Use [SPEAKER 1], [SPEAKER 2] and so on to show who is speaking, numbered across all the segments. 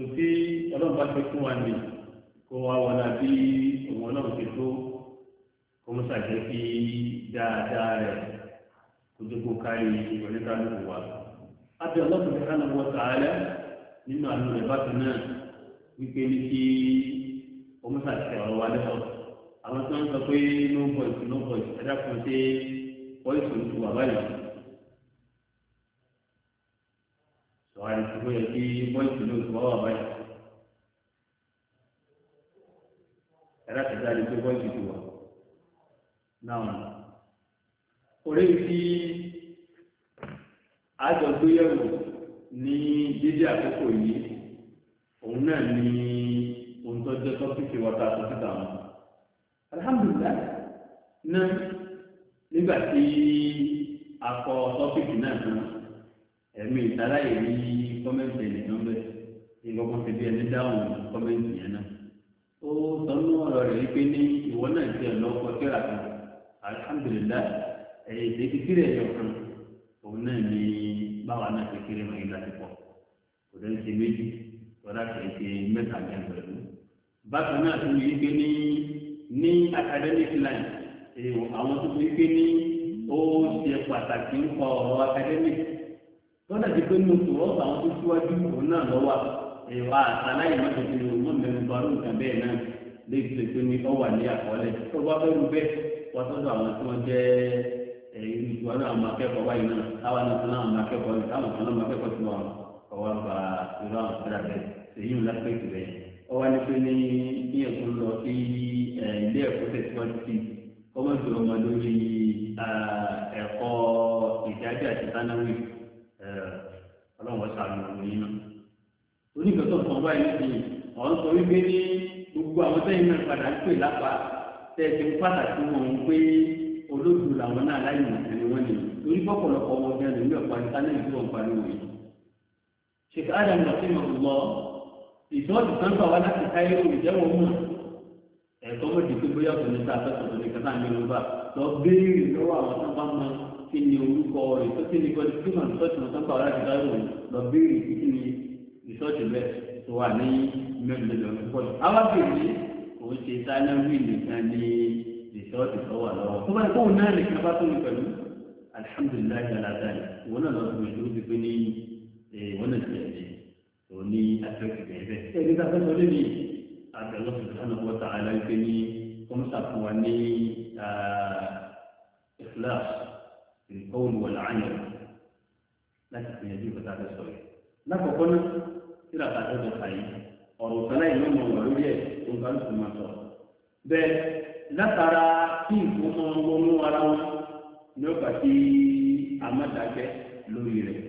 [SPEAKER 1] tòtí ọlọ́run bá fẹ́ fún wa ní kó wa wọlá bí òun ọlọ́run ti tó kó mọ́ sàgbẹ́ fi dáadáa rẹ̀ kó tó kó kárí oníkálukú wa. àti ọlọ́run ti kánà wọ sàálẹ̀ nínú àánú rẹ̀ bákan náà wípé ní kí ọmọ sàgbẹ́ ọ̀rọ̀ wa lẹ́sọ̀. àwọn tí wọ́n sọ pé no voice no voice ẹ̀dá kan ṣe voice ń tu wà báyìí. sọ̀rọ̀ àìsàn ló yẹ kí voice lọ́wọ́ báyìí. ẹ̀rọ ti dáa lè tó bọ́ ìdìbò wa. náà orí ti àjọgbéyẹ̀wò ní dédé àkókò yìí òun náà ní ohun tó jẹ́ tọ́pìkì wọ́tà tó ti dààmú. alihamudulilayi náà nígbà tí akọ tọ́pìkì náà tán ẹ̀mí ìtàláyè ní kọ́mẹ́ntì ẹ̀nìyàn bẹ́ẹ̀ ìgbọ́kọ̀ ti bí ẹni dáhùn kọ́mẹ́ǹtì yẹn náà ó sọnù ọ̀rọ̀ rẹ̀ wípé ní ìwọ náà ti ẹ̀ lọ́kọ̀ kíra kan alihamdulilayi ẹ̀yẹ ìdèkí kiri ẹ̀yọ kan òun náà ní báwa náà ti kiri mọ̀ ìlà ti pọ̀ kò dẹ́ ṣe méjì tọ́lá kì í ṣe mẹ́ta jẹun pẹ̀lú bákan náà tún yìí pé ní ní academic line àwọn tó fi pé ní ó ṣe pàtàkì ń kọ ọ̀rọ̀ academic tọ́lá ti pé ní oṣù ọ̀sán àwọn tó síwájú òun náà lọ́wọ́ ìwà àtàláyìmọ́tò tí o mọ̀ mẹ́rin bá lóun kan bẹ́ẹ̀ náà lè ṣe pé ní ọ wà ní àkọọ́lẹ̀ tó bá bẹ́rù bẹ́ẹ̀ wọ́n tọ́jú àwọn tí wọ́n jẹ́ ìjùwọ́n náà máa kẹ́kọ̀ọ́ báyìí náà táwọn náà fúnra máa kẹ́kọ̀ọ́ ní táwọn fúnra máa kẹ́kọ̀ọ́ tí wọ́n ọwọ́ gba irú àwọn fúnra bẹ́ẹ̀ èyí ń lápẹ́ ìtì bẹ́ẹ̀. ọ wá ní pé ní bí lọ sí ilé ẹ̀kọ́ tẹ̀síwájú sí kọ́mọ̀tì ọmọ lórí ẹ̀kọ́ ìdájọ́ àti sánáwì ọlọ́run ọ̀sán àwọn ọmọ yìí náà onígbàtọ̀ kan báyìí nìyí ọ̀hún sọ wípé ní gbogbo àwọn sẹ́yìn náà padà ń pè lápá tẹ̀sí ń pàtàkì wọn ń pé olóògùn làwọn náà láyé nìkan ni wọ́n ní torí bọ́pọ̀lọpọ̀ wọn bí ẹni wíwọ̀ parí sálẹ̀ ìlú wọn parí wòye. ṣèkà ádámù lọ sí ìmọ̀lọ́ ìtọ́jú kan gbà wá láti káyé òun ìjẹ́ wọn mọ̀ ẹ̀kọ́ mọ̀tì tó bóyá kò ní sá afẹ́sọ̀tò ní kátà ní yorùbá lọ béèrè lọ́wọ́ àwọn tó bá ṣọ́ọ̀ṣì bẹ́ẹ̀ tó wà ní mẹ́rìndínlẹ́ ọ̀pọ̀ àwọn kejì òun ṣe sáyẹ́wì nìkan ní ìṣọ́ọ̀ṣì tó wà lọ́wọ́ tó bá kó náà nìkan bá tó ní pẹ̀lú alihamudulilayi aladali wọn náà lọ fún ìṣòro ti pé ní wọn eh, náà ti ẹ̀jẹ̀ òun ní afẹ́kì bẹ́ẹ̀ bẹ́ẹ̀ ẹni tá ní àbẹ̀lọ́ sùdánù wọ́tà aláìpé ní kọ́mùsà náà tíra bàtẹ́ tó fà yìí ọ̀rọ̀ sọ́lá ìlú ara wọn ní ọgbà lórí rẹ̀.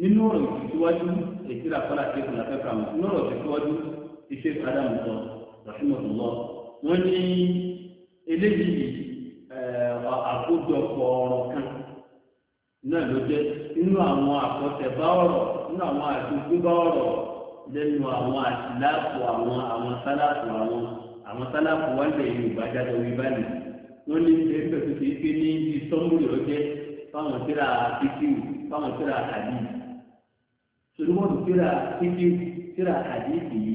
[SPEAKER 1] nínú ọ̀rọ̀ ìtìsíwájú ètìrà kọ́lá tí kò láfẹ́ fà wọn nínú ọ̀rọ̀ ìtìsíwájú iṣẹ́ adamu kan àwọn bá àwọn bá lẹ́nu àwọn àtìláàpù àwọn àwọn sálàpù àwọn àwọn sálàpù wà lẹ̀ yorùbá jáde orí báyìí wọ́n ní ṣe ń pẹ̀tù sí pé ní ibi sọ́múlì ọjẹ́ fáwọn tíra fíkìú fáwọn tíra àdì sọlọ́mọ́tò tíra fíkìú tíra àdì yìí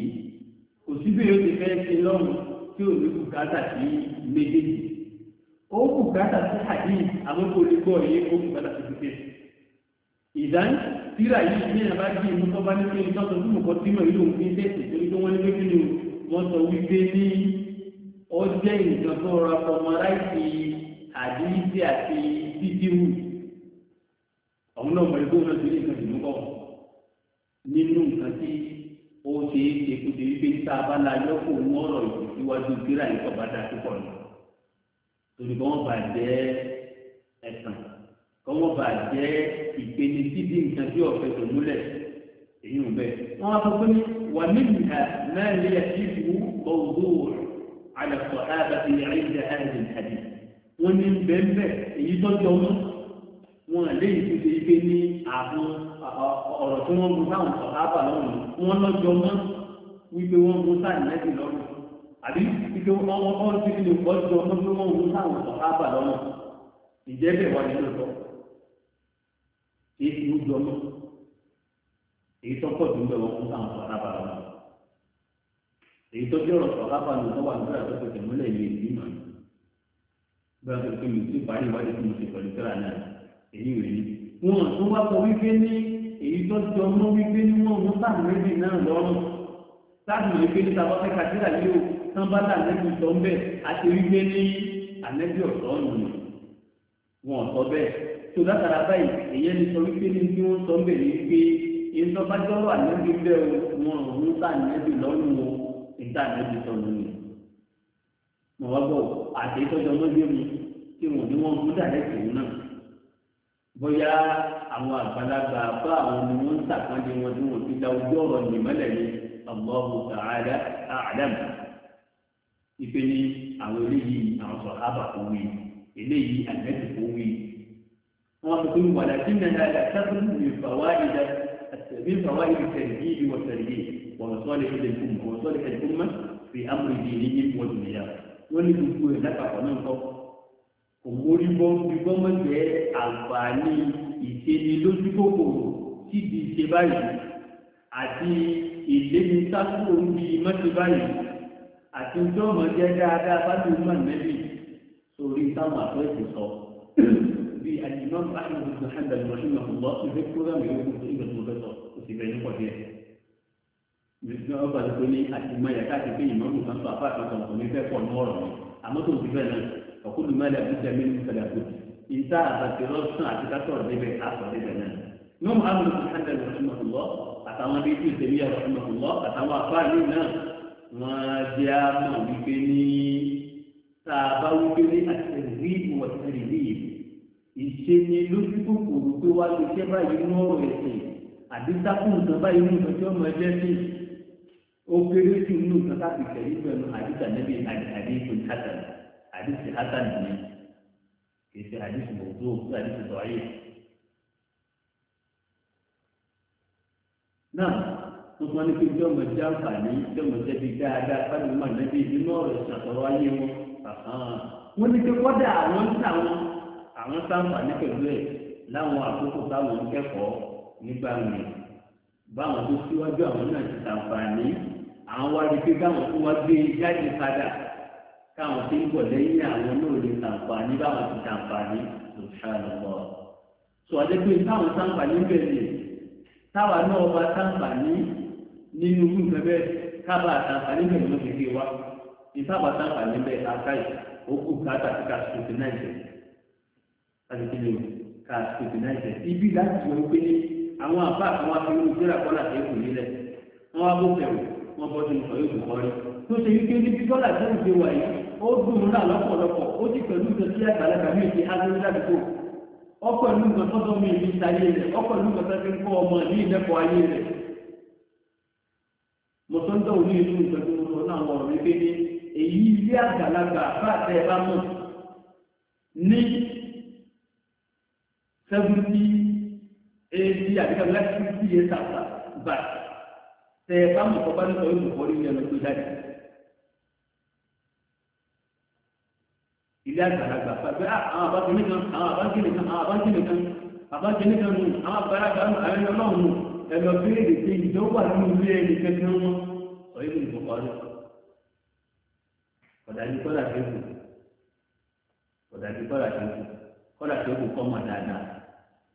[SPEAKER 1] kò síbi yóò ti fẹ́ ṣe lọ́rùn tí ò ní bùkátà sí méjèèjì ó bùkátà sí àdì àmọ́ kò ní gbọ́ yìí ó bùkátà sí fíkìú ìdáyé tíra yìí ní ẹ̀bá jí inú tó bá ní pé ìjọ tó fún ọkọ̀ tíma ìlú òfin tẹ̀sí torí pé wọ́n ní pé nínú wọ́n sọ wípé ní ọjẹ́ nǹkan tó ra ọmọ láìsí àdínísí àti dídíwù ọ̀hún náà mọ̀lẹ́gbẹ́ wọn ti ní nǹkan tó lókọ̀ nínú nǹkan tí ó ṣe é ṣe kó wípé tá a bá la yọ kó ń ọ̀rọ̀ ìtìsíwájú tíra yìí kọ̀ bá dá púpọ̀ ọmọ bàjẹ́ ìpele síbi nǹkan tí ọ̀fẹ́ tó múlẹ̀ èyí ń bẹ. wọ́n á sọ pé wà nínú ìhà náà lè yàtí ìwú ọ̀gbọ́n àlàkọ̀ àbàtì àìjà àìjà àdì. wọ́n ní bẹ́ẹ̀ èyí tọ́jú ọmọ wọn lè yí ti ṣe ní àwọn ọ̀rọ̀ tí wọ́n mú sáwọn sọ̀hábà lọ́rùn wọn lọ́jọ́ mọ́ wípé wọ́n mú sáàdì náà sí lọ́rùn àbí wípé wọ́n wọ́n ti fi lè pọ́jọ́ mọ́ pé wọ́n mú sáwọn sọ̀hábà lọ́rùn ìjẹ́bẹ̀ wà nínú sọ̀rọ̀ èsì ń jọ mọ́ èyí tó pọ̀ jù ń bẹ̀ wọ́n fún táwọn sọ̀rọ̀ bá wọn èyí tó jẹ́ ọ̀rọ̀ sọ̀rọ̀ bá wọn tó wà nígbà tó fẹsẹ̀ múlẹ̀ ní èyí mọ̀ wọn pé mi parí ìwádìí tí mo ti pẹ̀lú kíra náà èyí rèé wọn tó wá kọ wípé ní èyí tó jọ mọ́ wípé ní wọn mú táwọn méjì náà lọ́rùn táwọn wípé ní tàbá fẹ́ kàtíra yìí o tán bá dà nẹ́bí sọ ń bẹ̀ àti wípé ní tó látara báyìí èyẹ ni sọ wípé ní bí wọ́n sọ ń bẹ̀ ní wípé ìsọfájọ́rọ̀ ànábì bẹ́ẹ̀ wọn ò ń tà ànábì lọ́rùn o ìta ànábì sọ lónìí. mo wá bọ̀ àti ìtọ́jọ́ mọ́jọ́ mi tí wọ́n ní wọ́n fún dàrẹ́tì òun náà. bóyá àwọn àgbàlagbà bá àwọn ni wọ́n ń sàkánjẹ wọn tí wọ́n ti da ojú ọ̀rọ̀ nìmọ́lẹ̀ ni Allahu ta'ala a'lam ìpè ní àwọn eléyìí àwọn sọ̀hábà kò wí eléyìí ànábì kò wí وقل ولكننا لا تخلو من فوائد من فوائد الترهيب والترهيب ومصالح الأمة ومصالح الأمة في أمر دينهم ودنياهم wọ́n ní gbogbo ẹ̀ lápapọ̀ náà kọ́ kò mórí bọ́ bí gọ́mọ̀tẹ́ àǹfààní ìṣenilójú kòkòrò tí di ṣe báyìí àti ìléni sákòrò bí mọ́tò báyìí àti ìjọ́mọ̀ jẹ́ dáadáa bá ti mọ̀ nẹ́bí sórí táwọn àtọ́ ìṣòsọ bí alimam ahmed bin hanbal rahimahullah ìfẹ́ program yóò fún ìgbà tó fẹ́ sọ kò sì bẹ̀rẹ̀ nípa díẹ̀ nígbà wọn bá tó ní àtìmọ́ yà káàkiri pé ìmọ̀ nǹkan kan fà fà kan kò ní fẹ́ pọ̀ ní ọ̀rọ̀ mi àmọ́ tó ti fẹ́ náà ọ̀kúndùn mẹ́lẹ̀ àbújá mi ní sọ̀rọ̀ àbújá ìta àbàtìrọ́sùn àti kátọ̀rọ̀ débẹ̀ àtọ̀ débẹ̀ náà wípé ní tá a bá ní àtẹ̀lẹ́ ìṣeni lójú kòkòrò pé wá lè ṣe báyìí nú ọ̀rọ̀ ẹ̀sìn àbí sákùn nǹkan báyìí nú ìtọ́jú ọmọ ẹgbẹ́ sí ó kéré sí inú nǹkan káfí tẹ̀lé pẹ̀lú àdìsá nẹ́bí àdìsí hátàn àdìsí hátàn nìyẹn kì í ṣe àdìsí mọ̀tò òkú àdìsí tọ́yé. náà wọ́n tún wá ní pé bí ọmọ ẹja ń fà bí ọmọ ẹja bí dáadáa fáwọn ọmọ ẹja bí inú ọ̀rọ̀ ìṣàtọ̀rọ̀ ayé wọn wọ́n ní pé kọ́dà àwọn ń tà wọn àwọn sáǹfààní pẹ̀lú ẹ̀ láwọn àkókò táwọn ń kẹ́kọ̀ọ́ nígbà mi báwọn tó síwájú àwọn náà ti sàǹfààní àwọn wá rí pé káwọn tó wá gbé jáde padà káwọn tó ń bọ̀ lẹ́yìn àwọn náà lè sàǹfààní báwọn ti sàǹfààní ló ṣàlùmọ́ sọ adébíyẹ táwọn sàǹfààní bẹ̀rẹ̀ táwa náà bá sàǹfààní nínú irú bẹ́ẹ̀ kábàá sàǹfààní bẹ̀rẹ̀ ló fi gbé wa ìtàbà sàǹfààní bẹ́ẹ̀ àkáyì ó kù káàtà àtìkìlẹ̀ ká tètè náà jẹ ibi láti na pé àwọn àbá àwọn akéwì ìjọra kọ́là tó kù nílẹ̀ wọ́n wá bó fẹ̀wò wọ́n bọ́ sínú sọ̀rọ̀ ìbò kọ́rí tó ṣe wípé níbi dọ́là tó ń ṣe wáyé ó dùn náà ó ti àgbàlagbà ti ìlú nǹkan mi ìlú ìlú nǹkan ọmọ ní ayé seventy eighty àbíkà láti fifty years after but tẹ ẹ bá mọ̀kọ́ bá nípa ìlú kọ́rí ní ẹnu tó jáde. ilé àgbàlagbà pàṣẹ àwọn àbájọ nìkan àwọn àbájọ nìkan àwọn àbájọ nìkan àbájọ nìkan nù àwọn àgbàlagbà nù àwọn ẹni ọlọ́run nù ẹ̀rọ béèrè pé ìjọ wà nínú ilé ẹni kẹ́kẹ́ wọn sọ yìí ní ìbùkọ́ rẹ̀ kọ̀dà ní kọ́dà tó kù kọ̀dà ní kọ́dà tó kù kọ́dà tó kù kọ́ mọ̀ dáadáa.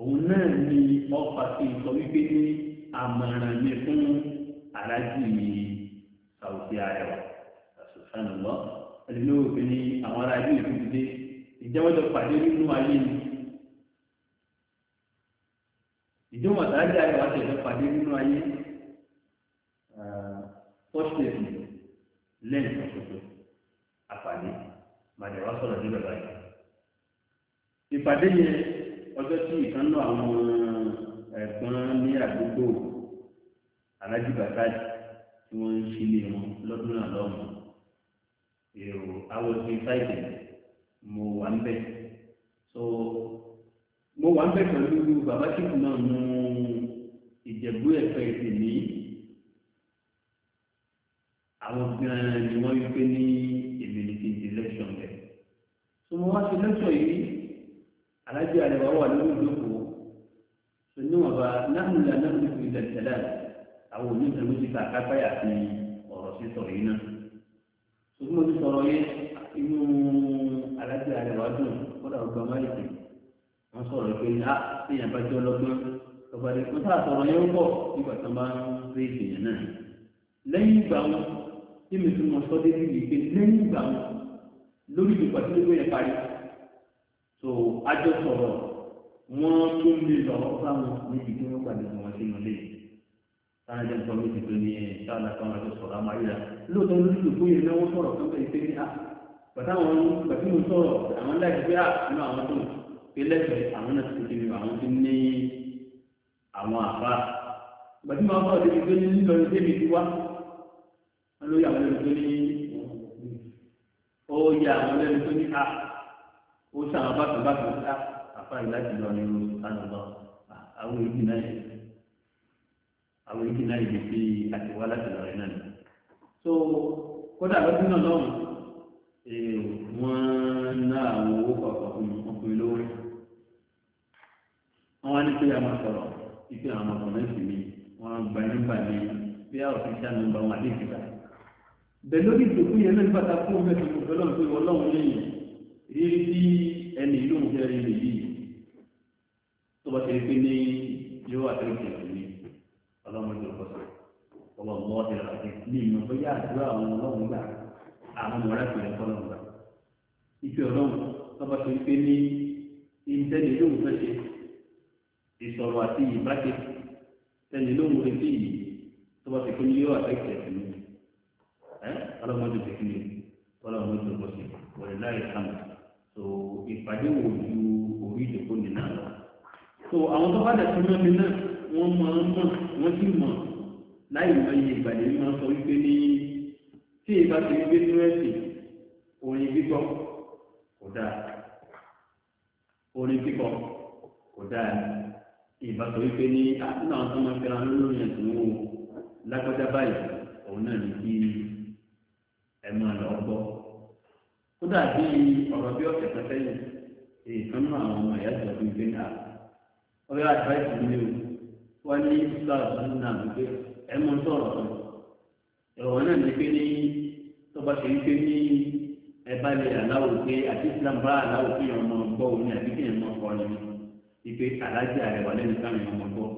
[SPEAKER 1] òun náà ni ọfà ti sọ wípé ní àmọ̀ràn mi fún aláàjì sàwùsí àrẹwà àṣùfàn lọ ẹni òbí ni àwọn aráàlú ìfúnjẹ ìjẹ́wọ́jọ pàdé nínú ayé ni ìjọba àtàlájà àrẹwà tẹ̀lé pàdé nínú ayé fọ́ṣẹ̀tì lẹ́yìn ọ̀ṣọ́ṣọ́ àpàdé màdàwà sọ̀rọ̀ níbẹ̀ báyìí ìpàdé yẹn ọjọ́ tí ìkan náà àwọn ẹ̀gbọ́n ní àdúgbò alájí tí wọ́n ń ṣílé wọn lọ́dún náà lọ́mọ èrò awọ́sí fáìlì mo wà ń bẹ̀ mo wà ń bẹ̀ pẹ̀lú bàbá kíkù náà mú ìjẹ̀bú ẹ̀fẹ́ ìsìn ní àwọn gan-an ni wọ́n yí pé ní èmi ní kí n ti bẹ̀ mo wá sí lẹ́kṣọ̀n yìí alájọ àlẹwà wà lórí ìdókòwò oníwọ̀nba náà ńlá náà ní ìpínlẹ̀ tẹ̀lá àwọn oníṣẹ́ ló ti ta kápáyà sí ọ̀rọ̀ sísọ yìí náà ṣùgbọ́n mo ti sọ̀rọ̀ yẹn inú alájọ àlẹwà dùn kódà ọgbà máyìkì wọ́n sọ̀rọ̀ pé a ah, èèyàn bá jẹ́ ọlọ́gbọ́n ọba rẹ̀ kó sáà sọ̀rọ̀ yẹn ń bọ̀ nígbà tó máa ń rí èèyàn náà lẹ́yìn ìgbà wọn tí mi tún mọ sọ́dé bíbí pé lẹ́yìn ìgbà wọn lórí ìdìpọ̀ tí ó so àjọ sọ̀rọ̀ wọ́n tún lè lọ́wọ́ fáwọn níbi tí wọ́n pàdé wọn sínú lé táwọn ẹjọ́ sọ méjì tó ní ẹ̀ sáàlà káwọn àjọ sọ̀rọ̀ àmọ́ ayé rà lóòótọ́ lórí ìlú yẹn náà wọ́n sọ̀rọ̀ tó bẹ̀rẹ̀ pé ní à ah, bàtà àwọn bàtí mo sọ̀rọ̀ àwọn láì pé à ah, nínú àwọn tó pé lẹ́sẹ̀ àwọn náà ti ti ní àwọn ti ní àwọn àbá bàtí mo sọ̀rọ̀ débi pé ní lílọ ní ti wá wọ́n lóye àwọn lẹ́nu tó ní ó yẹ àwọn lẹ́nu tó ní à ah, ó sàn bàtà bàtà ká àfa yìí lọ nínú àlọ́lọ́ àwọn èyí náà yẹ àwọn èyí náà yẹ fi àtiwá láti lọ rẹ náà ni. so kódà lọ́dún náà lọ́wọ́ wọ́n ná àwọn owó kọ̀ọ̀kan fún mi wọ́n fún mi lówó wọ́n wá ní pé a máa sọ̀rọ̀ ipe àwọn ọmọkùnrin sì mi wọ́n gba nígbà mi bí a ọ̀fíìsì àná gba wọn àdéhùn ìgbà. bẹ́ẹ̀ lórí ìdòkú yẹn náà nígbà tá a fún ọmọ ẹ̀sìn ọ̀gbẹ́lọ́ọ̀ pé ọlọ́run lẹ́yìn rírí tí ẹni ìlú òun fẹ́ẹ́ rí lè yí tó bá tẹ̀lé pé ní yóò àtẹ̀lẹ́kẹ̀ ìlú ọlọ́mọdé ọ̀pọ̀sọ̀ ọwọ́ ọmọ ọdẹ àti ní ìmọ̀ tó yá àdúrà àwọn ọlọ́run gbà àwọn ọmọ rẹ̀ pẹ̀lú ọlọ́run gbà ìpè ọlọ́run tó bá tẹ̀lé pé ní ìtẹ́ni ìlú òun fẹ́ ṣe ìsọ̀rọ̀ àti ìbáṣe tẹ̀lé lóhùn retí yìí tó bá tẹ̀lé pé ní yóò àtẹ̀lẹ́kẹ̀ ìlú ọlọ́mọdé ọ̀pọ̀sọ̀ ọlọ́mọdé ọ̀pọ̀sọ̀ ọ̀rẹ́ láì sáà so ìpàdé wò ju orí ìdókòwò nínú àlọ́ so àwọn tó bá dà sí mọ́mí náà wọ́n máa ń mọ̀ wọ́n sì mọ̀ láì mọ iye ìgbàlè máa sọ wípé ní tí ìbá ti gbé túrẹ́sì orin gbígbọ́ kò dáa orin kíkọ kò dáa ìbá sọ wípé ní àtúnà ah, àwọn tó máa fẹ́ra lórí ẹ̀sìn wò lágbájá báyìí òun náà ní kí ẹ máa lọ gbọ́ ó dàbí ọ̀rọ̀ bí ọ̀sẹ̀ kan sẹ́yìn èyí kan nínú àwọn ọmọ ìyá ìjọba ìgbé náà ọ̀rẹ́ àdìbáìsì mi ò wá ní ìsúláàbù náà wípé ẹ mọ sọ̀rọ̀ kan ìrọ̀wọ́ náà ní pé ní tọ́ba ṣe wípé ní ẹ bá lè aláwò pé àti islam bá aláwò pé èèyàn ọmọ gbọ́ òun ní àbí kí èèyàn ọmọ kọ́ ni wípé aláàjì àrẹwà lẹ́nu káwọn ọmọ gbọ́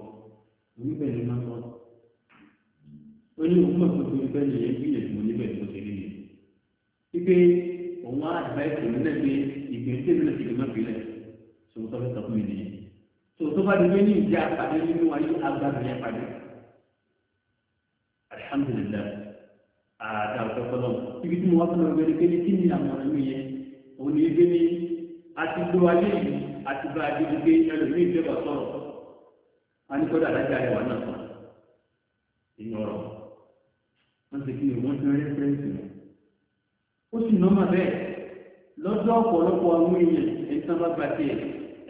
[SPEAKER 1] òun á advice mi náà pé ìgbésẹ̀ mi náà ti lè má fi lẹ̀ sọ̀rọ̀ tó fẹ́ sọ fún mi nìyẹn sọ̀rọ̀ tó bá di pé ní ìjà àpàdé nínú ayé agbára yẹn padà alihamudulilayi àdá ọ̀tọ̀ Ini ibi tí mo wá fún ọ gbẹdẹ pé ní kí ni àwọn ọ̀rẹ́ mi yẹn òun ni ebi ah, ni àti lo ayé yìí àti bá adé gbé ẹlòmíì ìjọba sọ̀rọ̀ anikọ́dà adájà rẹ̀ wà náà ó sì nọ́mà bẹ́ẹ̀ lọ́jọ́ ọ̀pọ̀lọpọ̀ àwọn èèyàn ẹ̀ńtàn bá gbàtì ẹ̀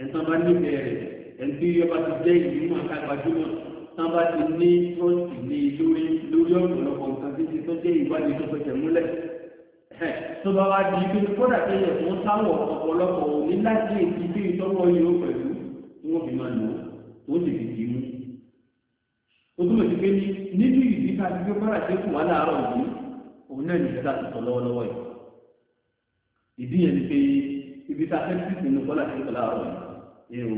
[SPEAKER 1] ẹ̀ńtàn bá níbẹ̀ rẹ̀ ẹ̀ńtì yọba ti jẹ́ ìlú mọ̀ ká gbajúmọ̀ tán bá ti ní trọ́ọ̀tì ní lórí lórí ọ̀pọ̀lọpọ̀ nǹkan tí ti tọ́jú ìwádìí tó fẹsẹ̀ múlẹ̀ tó bá wá di ibi kódà tó yẹ fún táwọn ọ̀pọ̀lọpọ̀ òní láti èdè ibi ìtọ́wọ́ yìí ó pẹ̀lú tí wọ́n fi máa nù wọ́n sì fi dìímú. o túmọ̀ sí pé nínú ìdí ká ti gbé kódà tó kù wá láàárọ̀ yìí òun náà nìyí ká ti sọ lọ́wọ́lọ́wọ́ yìí ìdí yẹn ni pé ibi tá a fẹ́ sí ìpinnu bọ́lá sí ìtọ́lá ọ̀rọ̀ èrò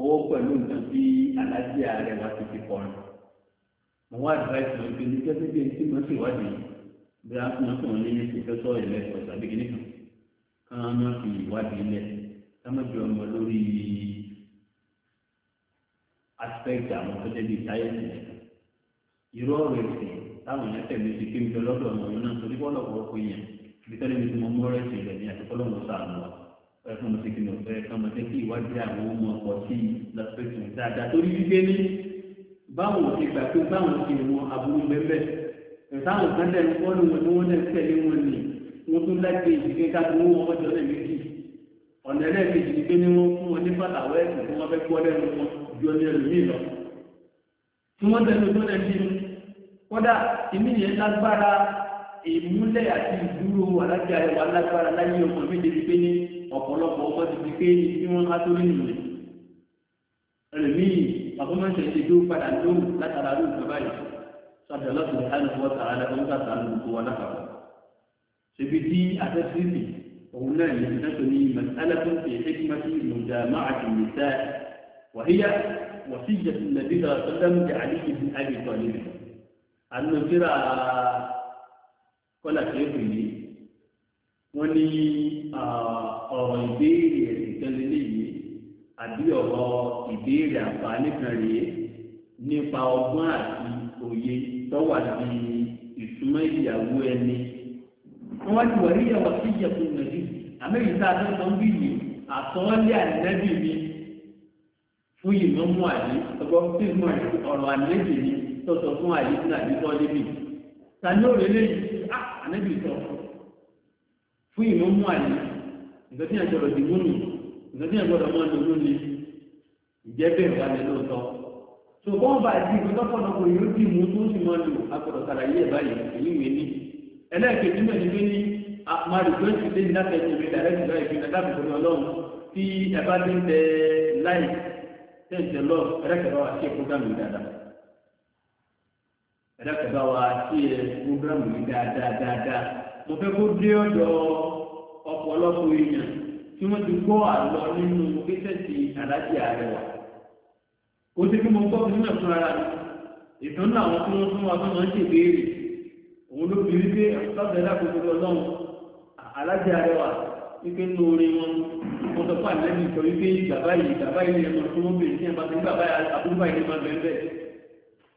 [SPEAKER 1] owó pẹ̀lú nǹkan bí aláàjì ààrẹ wa ti fi kọrin mo wá advice mi pé ní kẹ́sí bí etí mo sì wádìí bí a fún ọkùnrin ní pòfẹ́sọ̀ ẹ̀lẹ́kọ̀ọ́ tàbí kìnnìkan ká má fi ìwádìí lẹ̀ ká má fi ọmọ lórí aspect àwọn tó débi sáyẹ́ǹsì nìkan irú ọ̀rọ̀ ẹ̀sìn táwọn yẹn tẹ̀lé ti kí n bitẹ́lẹ̀ mi ti mọ mọ́ rẹ̀ tìrẹ̀ ní àti fọlọ́mù sàánù wa ẹ fún mi ti kìnnìún fẹ́ kàn mọ́ jẹ́ kí ìwádìí àwọn ọmọ ọkọ̀ sí i lọ́sọ̀tì dáadáa torí wípé ní báwọn ti gbà pé báwọn ti wọn aburú bẹ́ẹ̀ táwọn kan dẹ̀ ń fọ́nù wọn ni wọ́n dẹ̀ tẹ̀lé wọn ni wọ́n tún lẹ́gbẹ̀ẹ́ ìdílé ká tó wọ́n ọjọ́ náà méjì ọ̀nà ẹlẹ́ẹ̀kejì ni ní wọn ní fàtàwọ́ ẹ̀sìn ìmí yẹn lágbára ìmúlẹ̀ àti ìdúró alájà ẹ̀wà lágbára láyé ọmọ méjèèjì pé ní ọ̀pọ̀lọpọ̀ ọmọ ti fi pé ní bí wọ́n ká tó nínú rẹ̀. ẹlòmíì bàbá máa ń tẹ̀lé ìdó padà lóhùn látara ló ń bàbá yìí sọ́dọ̀ ọlọ́sùn ní hàn wọ́n tàrà lẹ́kọ́ ń tàtà ló ń kó wọn lápapọ̀. ṣèbí tí atẹ́sírìtì òun náà yìí tẹ́tọ̀ ní mẹ́tálẹ́kùn fi hikmati mọ̀jà máa ti lè tẹ́ wàhíyá wàsíyà nàbí sọ̀rọ̀ sọ́dọ̀ kọ́là tí ó pè ní wọ́n ní ọ̀rọ̀ ìbéèrè ẹ̀sìn kan lélẹ́yìí àbí ọ̀rọ̀ ìbéèrè àǹfààní kan rèé nípa ọgbọ́n àti òye tó wà ní ìsúnmọ́ ìyàwó ẹni. wọ́n wá ti wà ní ìyàwó sí ìyẹ̀kùn nàbí àmẹ́yìn tá a fẹ́ sọ ń bí yìí àtọ́lé ànábì mi fún ìmọ̀mú àdé ọgbọ́n fún ìmọ̀ ọ̀rọ̀ ànábì mi tó sọ fún àdé fún àdé tó débi tani ó lélẹ́ yìí á ah, ànábì sọ fún ìmọ̀ mú àyè nǹkan tí àjọrò ti mú nù nǹkan tí àgbọ̀dọ̀ mọ́ ní olú ni ìjẹ́ bẹ́ẹ̀ wà ní lóòótọ́ tó bọ́n bá di ìgbọ́dọ̀pọ̀lọpọ̀ yóò dì mú tó sì mọ́ lò agbọ̀dọ̀ sàlàyé ẹ̀ báyìí èyí wé ní ẹlẹ́ẹ̀kejì mẹ́rin ní ní àmàlùgbẹ́sì lé ní láti ẹ̀jẹ̀ mi dàrẹ́sì lọ́ọ̀ ìpínlẹ̀ dábìbò ní ọlọ́run tí ẹ bá ti ń tẹ láì tẹ̀sẹ̀ lọ́ọ̀ ẹ̀rẹ́kẹ̀rọ̀ àti ẹ̀kọ́ dàmì dáadáa ẹ̀dàkẹ̀bá wa sí ẹ programu yìí dáadáa dáadáa mo fẹ́ kó dé ọ̀dọ̀ ọ̀pọ̀lọpọ̀ èèyàn tí wọ́n ti gbọ́ àlọ́ nínú kíṣẹ́ẹ̀tì aláàjì ààrẹ wa ó ti kí mo gbọ́ nínú ẹ̀fún ara mi ìtàn náà àwọn tí wọ́n fún wa tó máa ń ṣèbéèrè òun ló fi wípé ọ̀sán ẹ̀dá kò tóbi ọlọ́run aláàjì ààrẹ wa wípé nínú orin wọn wọn sọ fún àlẹ́ mi sọ wípé bàbá yìí bàbá yìí ẹ̀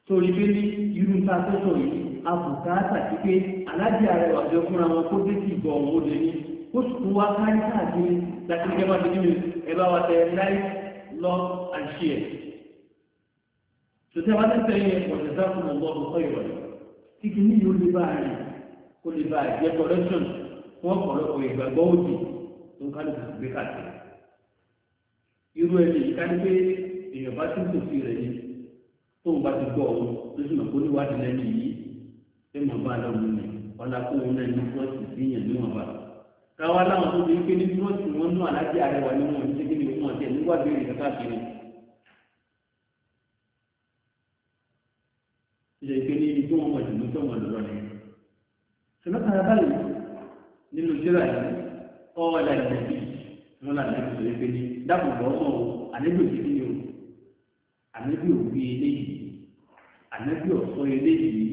[SPEAKER 1] torí pé ní irú ta tọ́tọ̀ yìí abùkátà sí pé alájà rẹ̀ wà jọ fúnra wọn kó dé sí ìbọ̀ òun lè ní ó sùn wá kárí káàkiri láti ní ẹgbẹ́ nínú ẹ̀bá wa tẹ láì lọ àṣì ẹ̀. tòtẹ́ wa ti tẹ̀lé ọ̀sẹ̀ sáfún ọ̀gbọ́n ọ̀kọ́ ìrọ̀lẹ́ kíkì ní yóò lè bá a rìn kó lè bá a jẹ́ correction fún ọ̀pọ̀lọpọ̀ ìgbàgbọ́ òdì tó ń kálí gbé káàkiri. irú ẹni ìkárí pé tó ń bá ti gbọ́ ọ̀hún lóṣù náà kó níwádìí lẹ́nu yìí ẹ mọ̀ bá lọ́rùn mi ọ̀la kó wọn lẹ́nu fúrọ́ọ̀sì sí yẹn níwọ̀n bá. káwa láwọn tó ti ń pé ní fúrọ́ọ̀sì wọn nú àlájẹ àrẹwà ni wọn ṣe kí ni wọn tẹ níwádìí rẹ káàkiri. ṣe pé ní ibi tí wọn mọ̀ jù ní sọ́mọ lọ́rọ̀ ni. ṣùgbọ́n ara báyìí nínú jíra yìí ọ̀ọ́lá ìgbẹ̀bí wọn là ànábì òbí eléyìí ànábì ọ̀sọ́ eléyìí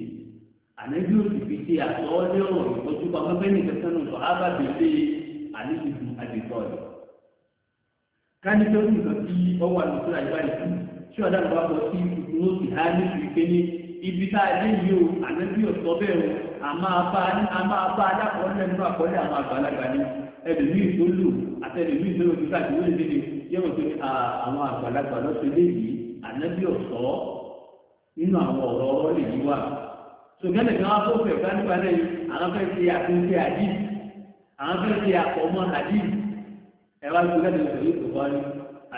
[SPEAKER 1] ànábì òsì fi ṣe àtọ́ọ́lẹ́ ọ̀rọ̀ ìtọ́jú pa pẹ́pẹ́ nìkan sẹ́nu sọ ábàbí lé ànábì fún àdìgbò rẹ̀. káni tó ní nǹkan tí ọwọ́ àdìgbò rẹ̀ bá yìí tí ọ̀dà ló bá bọ̀ sí ìfúnfún ó sì há ní ìfìké ní ibi tá a dé yìí o ànábì ọ̀sọ́ bẹ́ẹ̀ o a máa bá alákọ̀ọ́lẹ̀ nínú àkọọ́lẹ̀ àwọn àgbàlagbà ni ẹlòmíì tó lù àtẹlòmíì tó lù nígbà tí wọ́n lè dé ni yẹ́wọ̀n tó ní àwọn àgbàlagbà lọ́sọ̀ eléyìí ànábì ọ̀sọ́ nínú àwọn ọ̀rọ̀ ọ̀rọ̀ lè yí wà. sọ̀gẹ́nì kan wá tó fẹ̀ ká nípa náà àwọn fẹ́ ṣe àtúnṣe àdí àwọn fẹ́ ṣe àkọ́mọ́ àdí ẹ wá sọ̀gẹ́nì kan yóò tó wá ní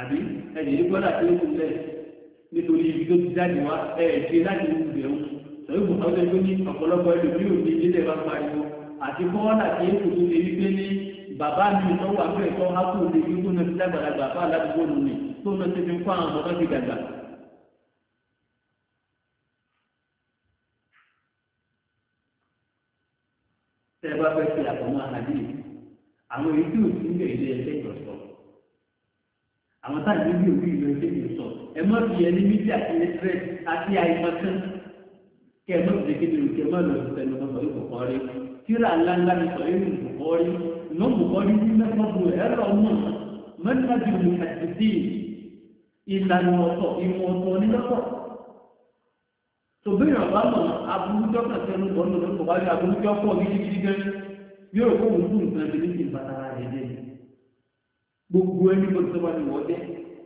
[SPEAKER 1] àbí ẹ̀yìn yìí gbọ́dọ̀ tó kù lẹ̀ nítorí ibi tó ti jáde wá ẹ̀ ṣe láti wù bẹ̀ wọn. sọ̀rọ̀ ìbùkún ọjọ́ tó ní ọ̀pọ̀lọpọ̀ ẹlòmíì ò ní ilé bá pariwo àti kọ́ńtà tí èkó tó ṣe wípé ní bàbá mi ò lọ́wọ́ àbúrò ẹ̀kọ́ hákùn òde ti dàgbàlagbà bá aládùúgbò nù ní tó náà ti fi kó àwọn ọmọ náà ti dàgbà yàtọ̀ mọ́ àdé àwọn èyí tí ò sí ń bẹ̀ ilé ẹsẹ̀ ìrọ̀sọ̀ àwọn táàbí ní òbí ìlú ẹsẹ̀ ìrọ̀sọ̀ ẹ mọ́ fi ẹni méjì àti ẹsẹ̀ àti àìmọ̀tán kẹ mọ́ fi kéde òkè mọ́ lọ sí ẹnu ọmọ ìbùkọ́ rí tíra ńláńlá mi sọ inú ìbùkọ́ rí iná ìbùkọ́ rí ní mẹ́fọ́ bu ẹ̀rọ mọ́ mẹ́ta ju mu àtìsí ìlànà ọ̀tọ̀ ìmọ̀ ọ̀tọ̀ nílọ́pọ̀ tòbí ìrànlọ́mọ̀ aburú jọ́kàn sẹ́nu bọ́ọ̀lù lọ́pọ̀ wáyé aburú jọ́pọ̀ gidigidi gan-an yóò kó òun fún nǹkan ibi níbi ìbátara rẹ̀ dé gbogbo ẹni bó tó bá ní wọ́n dé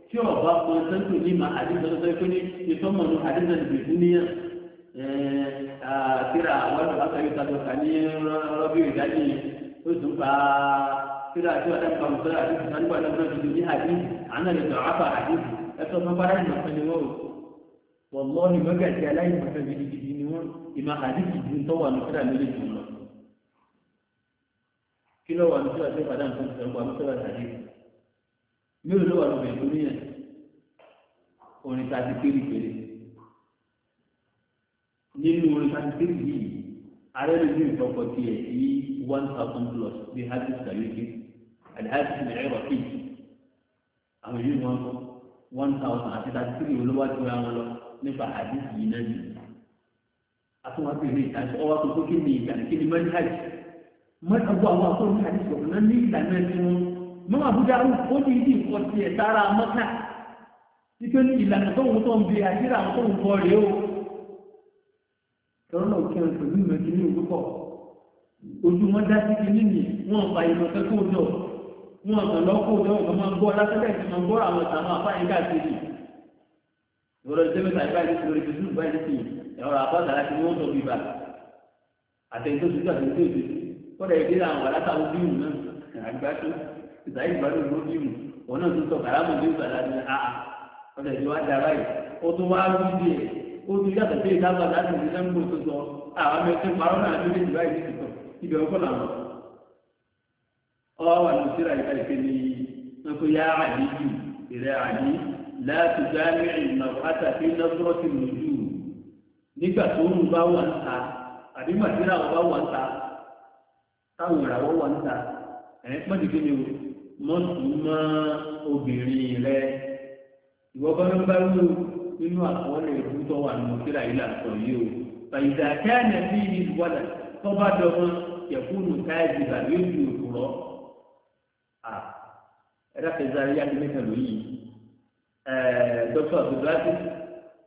[SPEAKER 1] tí ọba kan sẹ́ńtò ní ma àdéhùn tó fẹ́ ní ìtọ́mọ̀nù àdéhùn ìgbèkú níyà kíra àwọn ọlọ́pàá yóò tàbí ọ̀kà ní rọ́bì ìdájí ó sì ń pa kíra tí wọ́n dábàá mùsọ́lá àdéhùn tó nígbà tó náà tuntun ní àdéhùn àná lè dọ̀rọ̀ àbá àdéhùn ẹ̀tọ́ fún bára ìmọ̀ fẹ́ni wọ́n wọ́n lọ́ọ́ ni mọ́gàjì aláìmọ̀ fẹ́ kí lọ́wọ́ àti tí wàá ṣe padà nǹkan ìṣẹ̀lẹ̀ wà lọ́sọ̀rọ̀ àtàdé mi ò lọ́wọ́ àlùbẹ̀ tó níyàn orin ta ti kéré kéré nínú orin ta ti kéré yìí ààrẹ lè ní ìfọkọ tiẹ̀ ní one thousand plus bí hajj sàlẹ́kì àdìhàjì mẹ́rẹ́ rọ̀kì àwọn yìí wọ́n kọ́ one thousand àti ta ti kéré olówó àti wọn lọ nípa àdìsí yìí náà nìyí. àtúwájú ìrìn àti ọwọ́ àtúntò kí ni ìgbà kí ni mẹ́rin hajj mọ́tàbù àwọn akọ́rọ̀ ní àdìsọ̀ náà ní ìlànà ẹni wọn mọ́mọ́ àbújá ó ní ìdí nǹkan ti ẹ̀ sára mọ́tà títí ní ìlànà tó ń tó ń bi àṣírí àwọn tó ń kọ rèé o tọ́lọ́ náà kí wọn pẹ̀lú ìmọ̀jú ní òwúkọ ojú wọn dá sí kí nínú wọn fa ìmọ̀ kẹ́kọ̀ọ́ jọ wọn kàn lọ́kọ̀ jọ wọn máa ń gbọ́ lásìkò ìmọ̀ ń gbọ́ àwọn ìtàwọn afáyín káàkiri ìrọ̀lẹ́ ìdẹ́mẹ́ta ìbáyìí ti lórí ìdúró ìbáyìí ti ẹ̀rọ àbáta láti wọ́n sọ bíbá àtẹ̀yìn tó ti gbà tó ti kọ́dà ìdí àwọn alátàwọn bíìmù náà àgbàtú ìsàyè ìgbàdùn ló bíìmù wọn náà tún sọ kàrámù bí ìgbàlá ni a kọ́dà ìdí wa da báyìí ó tún wá rú díẹ̀ ó tún yàtọ̀ sí ìdábà láti ìdí náà ń bò tó sọ àwọn ọmọ ẹgbẹ́ parọ́ náà ló lè jù báyìí ti sọ ibẹ̀ ọkọ làwọn. ọwọ́ wà ní síra ìkàlẹ̀kẹ́ ni wọ́n kó yá àdíjù ìrẹ́ àdí láti jáde ìmọ̀ nígbà tó ń bá wà ń ta àbí màdínà wọn bá táwọn ìràwọ̀ wà níta ẹ̀ mọ́tìkì ni mọ́tì mọ́ obìnrin rẹ ìwọ bá ń bá wù nínú àkọọ́lẹ̀ ìdúntọ́ wà nínú kíra yìí làtọ̀ yìí o fàyíṣà kẹ́ẹ̀nà sí ibi ìwádà tó bá dọ̀mọ́ yẹ̀kúnù káyọ̀dì bàbá yóò di òkúrọ̀ ẹ̀dá fẹ̀sà yá ti mẹ́ta lóyìn dr abdulrasheed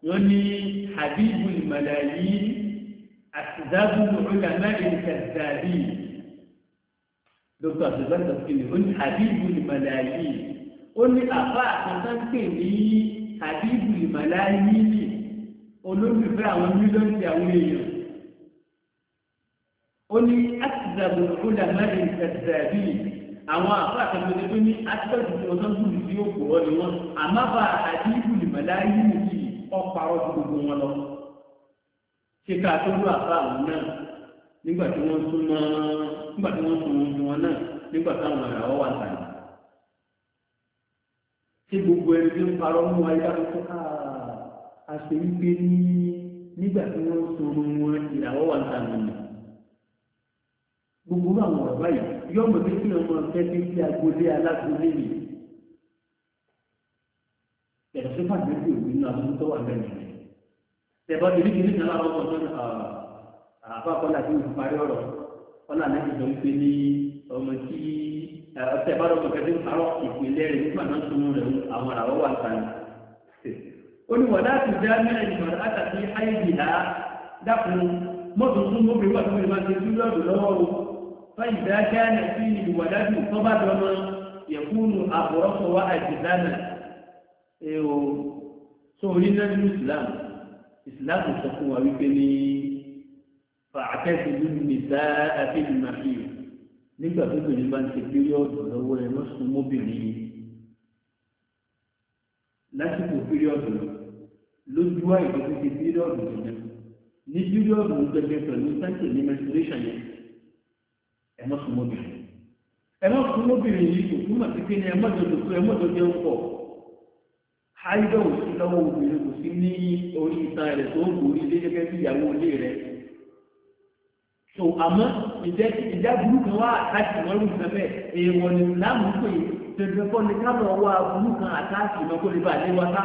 [SPEAKER 1] wọ́n ní habibu ìmàlàyé àtìdágún ọ̀gá mẹ́rin kẹ̀dàbí dókítà ṣùgbọ́n tọ́sí ni ó ní àbíbù ìmọ̀láyé ó ní àbá àtúntàǹkè ní àbíbù ìmọ̀láyé ní olólùfẹ́ àwọn mílíọ̀nù ti àwọn èèyàn ó ní àtìzàbò ìkúlẹ̀ mẹ́rin tẹ̀sẹ̀bí àwọn àbá àtúntàǹkè tó ní àtúntàǹkè tó tọ́ bùrù sí òkú ọ́ ni wọ́n àmàbà àbíbù ìmọ̀láyé ní ọ̀pá ọ̀dùn gbogbo wọn lọ ṣe ká tó lù àbá àwọn náà nígbà tí wọ́n sún mọ́ nígbà tí wọ́n sún ojú wọn náà nígbà táwọn ìràwọ̀ wà tàn. ṣé gbogbo ẹni tí ń parọ́ mú ayé láti fún ká a ṣe wípé ní nígbà tí wọ́n sún wọn ìràwọ̀ wà tàn nìyí. gbogbo àwọn ọ̀rọ̀ báyìí yóò mọ̀ pé kí ọmọ tẹ́tí sí agbolé alágbolé yìí. ẹ̀sùn fàgbẹ́sì òbí náà ló ń tọ́wà lẹ́nu rẹ̀. tẹ̀bá àbá kọ́lá tí mo parí ọ̀rọ̀ kọ́lá náà ti dọ̀wọ́ pé ní ọmọ tí ọ̀sẹ̀ bá lọ́kọ̀ kẹ́tẹ́ ń parọ́ ìpínlẹ̀ rẹ̀ nígbà náà tó ń rẹ̀ ń àwọn àwọ̀ wà nǹkan ni. ó ní wọ̀dà àti ìjà mẹ́rin ni wọ̀dà àtàkì àìyílá dákun mọ́tò tún mọ́ pé wọ́n ti máa ṣe bílíọ̀dù lọ́wọ́ o fáyì dájá náà sí ìwọ̀dà ju tọ́ba dọ́mọ yẹ̀kúnnù àbọ̀rọ̀kọ̀ wa àìsìlámù ẹ̀ o sóorí náà ní ìsìlámù ìsìlámù sọ fún wa wípé ní fàtẹ́sì ló ní sáà àti ìmàfíì nígbà tó bìnrin bá ń ṣe píríọ̀dù lọ́wọ́ ẹ lọ́sùn mọ́bìnrin yìí lásìkò píríọ̀dù lójú àìkú tó ṣe píríọ̀dù yẹn ní píríọ̀dù gẹ́gẹ́ pẹ̀lú sáńtì ní menstruation yẹn ẹ lọ́sùn mọ́bìnrin ẹ lọ́sùn mọ́bìnrin yìí kò túmọ̀ sí pé ẹ mọ́jọ́jọ́ tó ẹ mọ́jọ́jọ́ ń pọ̀ háyídọ̀ òsì lọ́wọ́ obìnrin kò sí ní orí ìta rẹ̀ tó ń so àmọ́ ìjẹ́ ìjà burú kan wá àtàkì wọn lù fẹ́ bẹ́ẹ̀ èèwọ̀ ni láàmú pé tẹ̀sán kọ́ ni káàmù ọwọ́ burú kan àtàkì ìmọ̀ kó lè bá lé wa ká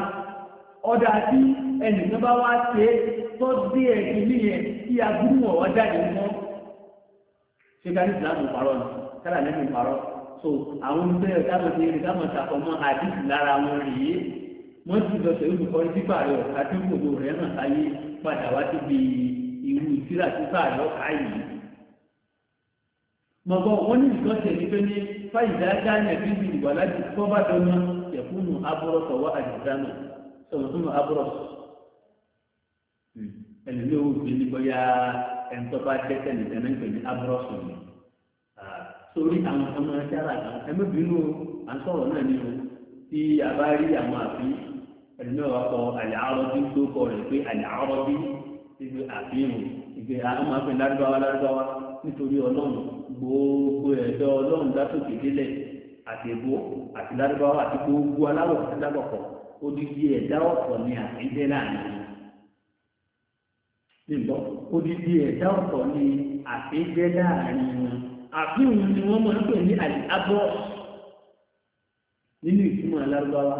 [SPEAKER 1] ọ̀dà tí ẹnìkan bá wá ṣe é tó dé ẹ̀sìn níyẹn kí aburú wọn wá jáde mọ́ ṣé ká ní ìsìlámù parọ́ ni kálá nínú parọ́ so àwọn oníṣẹ́ ìdáhùn ti rí dáhùn ṣàkọmọ́ àdìsí lára wọn rèé wọ́n ti lọ sẹ́yìn olùkọ́ irú tíra títà lọ́ka yìí. mọ̀gbọ́n wọ́n ní nǹkan tẹ̀lé pé ní fáyidá dáná bí mi ìwà láti kọ́ bá dọ́nà yẹ̀fúnù abúrọ̀sọ̀ wá àdìsánà sọ̀rọ̀sọ̀nù abúrọ̀sọ̀. ẹni ní owó ìgbé ní bóyá ẹ̀ńtọ́ bá dẹ́sẹ̀ nìkan náà ń pè ní abúrọ̀sọ̀ yìí. sórí àwọn ọmọ ẹ̀ṣára kan ẹ̀mẹ́bìnú à náà ní o tí a bá rí àwọn àfi ẹni náà wà kọ àlẹ́ ìgbé àbíyù ìgbé àwọn afẹ́ lárúbáwá lárúbáwá nítorí ọlọ́run gbogbo ẹ̀dọ́ ọlọ́run látòkè délẹ̀ àtẹ̀bó àti lárúbáwá àti gbogbo aláwọ̀ àti lábọ̀kọ̀ odidi ẹ̀dá ọ̀pọ̀ ni àtẹ̀jẹ́ láàrin nígbọ́ odidi ẹ̀dá ọ̀pọ̀ ni àtẹ̀jẹ́ láàrin wọn àbíyù ni wọ́n máa ń pè ní àbọ̀ nínú ìtumọ̀ lárúbáwá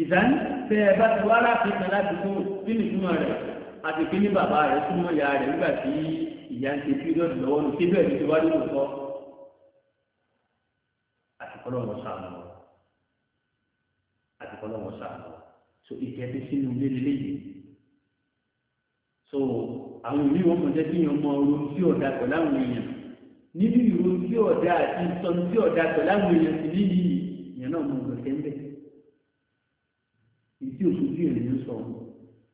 [SPEAKER 1] ìdáni tẹ́ ẹ bá ti wá láti ìgbà láti fún nínú ìtumọ̀ rẹ̀ àti pé ní bàbá rẹ̀ súnmọ́ ìyá rẹ̀ nígbà tí ìyá ń ṣe píríọ̀dù lọ́wọ́ nù síbẹ̀ ní ti wá ní òótọ́ àti kọ́lọ́mọ sàánù àti kọ́lọ́mọ sàánù so ìkẹ́tẹ́ sínú ilé lélẹ́yìí so àwọn ìlú wọn kò jẹ́ kí èèyàn mọ ọrùn tí ọ̀dà pẹ̀lú àwọn èèyàn nínú ìró tí ọ̀dà àti ìsọnù tí ọ̀dà pẹ̀lú àwọn èèyàn sì níyì ìyẹn náà mọ̀ ọ̀dọ̀ kẹ́ńbẹ̀ ìdí òṣù tí èèyàn sọ ọ̀hún.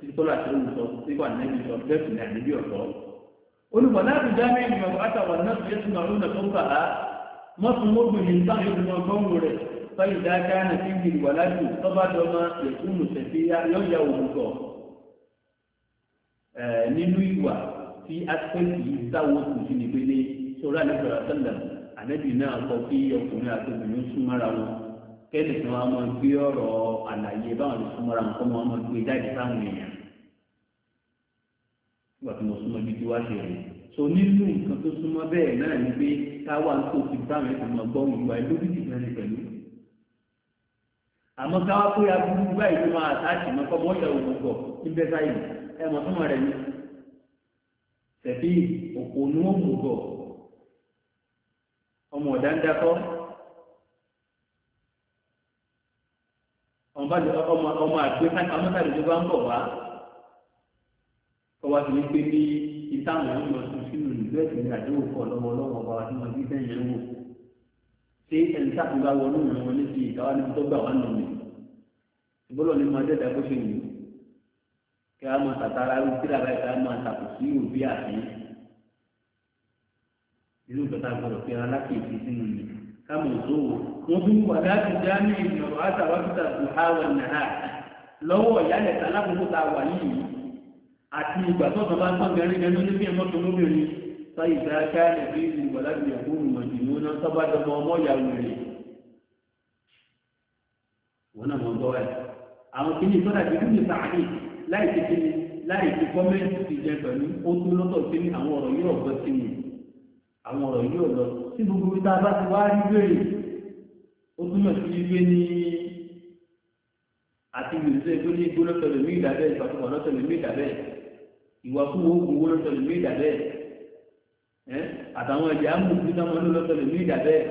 [SPEAKER 1] títọ́lá tí ó ń sọ síkọ̀ ànábì sọ bẹ́ẹ̀ sì ní ànábì ọ̀sọ́. olùkọ́ láti jáde ìrìn àwọn àtàwọn náà fi ẹ̀sùn àwọn ọ̀nà tó ń kà á mọ́sùn mọ́bìnrin sáà yóò fi mọ́ gbọ́ngbò rẹ̀ sọ́yì dáadáa náà ti ń gbìn wà lájú tọ́ba dọ́mọ ìkúnnù tẹ̀sí yọ̀ọ̀yà òwúkọ̀ nínú ìwà tí aspect yìí sáwọ́ kù sí ní pélé sọ́ra nípa àtàlà ànábì náà kọ́ kí ọkùnrin àti obìnrin súnmọ́ra kẹ́lì tí wọ́n máa gbé ọ̀rọ̀ àlàyé báwọn lè súnmọ́ra nǹkan wọn máa gbé jáde sáwọn èèyàn nígbà tí mo súnmọ́ ibi tí wá ṣe rè so nínú nǹkan tó súnmọ́ bẹ́ẹ̀ náà ni pé káwa ń tó ti báwọn ẹ̀sìn máa gbọ́ ìwà ìlóbìtì náà ní pẹ̀lú àmọ́ káwa pé aburú báyìí ló máa àtàkì mọ́ kọ́mọ́ ìyàwó gbọ̀ níbẹ̀ sáyé ẹ mọ̀ ni tẹ̀fí òkò ni wọ́n mú ọmọ àgbẹ̀ amọ́tàdé tó bá ń bọ̀ wá ọwọ́ àti ní pé ní ìtàwọn ọmọ tuntun sínú ìgbẹ́ ìpínlẹ̀ àdéhùn kọ́ lọ́wọ́ lọ́wọ́ bá wa tí wọ́n ti sẹ́yìn ẹ̀wò ṣé ẹni tá a ti bá wọnú ìrìn wọn létí ìkáwá ní tó gbà wá nù mí ìbọ́lọ̀ ní máa dẹ́ta bó ṣe wù kí a máa tàtàrà irú kíra báyìí kí a máa tàkùsí òbí àti irú ìgbà tá a gbọdọ̀ fi ara lákèéjì sínú mi ká mọ̀ òṣòwò وهو ولا تجامع المرأة وقت الضحى والنهار lọ́wọ́ ìyá ẹ̀ta alákòókòta wà yìí àti ìgbà tọ́tọ̀ bá tán gẹ̀rẹ́ gẹ̀rẹ́ ní bí ẹmọ́ tó lóbìnrin sọ ìgbà ká ẹ̀bí ìlú wà láti ẹ̀kọ́ ìmọ̀jì ní ọ̀nà tọ́bá dọmọ ọmọ ìyàwó rẹ̀ wọn náà mọ̀ àwọn kìíní láì ti kí ni láì ti ti jẹ pẹ̀lú ó tún lọ́tọ̀ sí ní àwọn ọ̀rọ̀ ó túmọ̀ sí wípé ní àti gbèsè pé ní igbó lọ́sọ̀lẹ̀ mí ìdá bẹ́ẹ̀ ìfàkùnmọ̀ lọ́sọ̀lẹ̀ mí ìdá bẹ́ẹ̀ ìwàkúwò oògùn owó lọ́sọ̀lẹ̀ mí ìdá bẹ́ẹ̀ àtàwọn ẹ̀jẹ̀ amúlùmí náà wọn lọ́sọ̀lẹ̀ mí ìdá bẹ́ẹ̀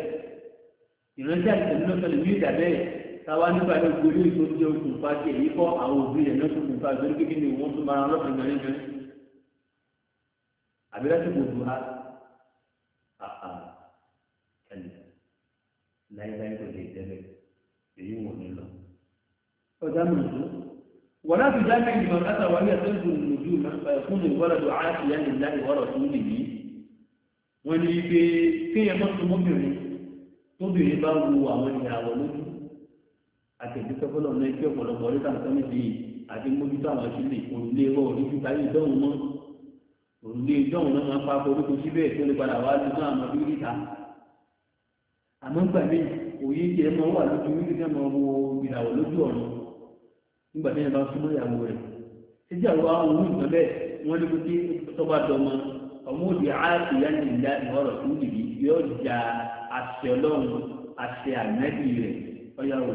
[SPEAKER 1] ìrántí àtìsẹ́ni lọ́sọ̀lẹ̀ mí ìdá bẹ́ẹ̀ táwa nígbà tó gbólé tó jẹ́ okùnfà tí èyí kọ́ àwọn òbí rẹ̀ náà okùnfà torí pé kí ni wọ́n tún mara lọ́sọ̀lẹ̀ náà nínú àbí lásìkò dùn á láíláí kò lè tẹ́lẹ̀ èyí wò ní lọ. ọ̀dà mọ̀tò wọ́n láti já mẹ́rin ìmọ̀ láta wà ní ẹ̀sẹ̀ ìdùnnú lójú fún ìwọ́rọ̀ tó á ti yẹn nílá ìwọ́rọ̀ tó lè yí. wọ́n ní wípé kéèyàn mọ́ tó mọ́bìnrin tóbìnrin bá wu àwọn ìyàwó lójú àtẹ̀júkẹ́ fọlọ́ náà kí ọ̀pọ̀lọpọ̀ orí kàǹtọ́ níbi àti mójútó àwọn ìṣílè òrùlé wọ́n òrí kíkà yìí dọ́hùn mọ́ òrùlé dọ́hùn náà máa ń pa àmọ́ gbà mí òye jẹ ẹ máa wà lójú wípé kí ẹ máa wo ìràwọ̀ lójú ọ̀run nígbà tí ẹ bá súnmọ́ ìyàwó rẹ̀ ṣíṣe àwọn àwọn ohun ìgbà bẹ́ẹ̀ wọ́n ní kókí tọ́ba dọ́mọ ọmọ òdì ààbò ìyá ní ìlà ìwọ́rọ̀ tó lè yí yóò ja àṣẹ ọlọ́run àṣẹ àmẹ́bí rẹ̀ ọ̀yàwó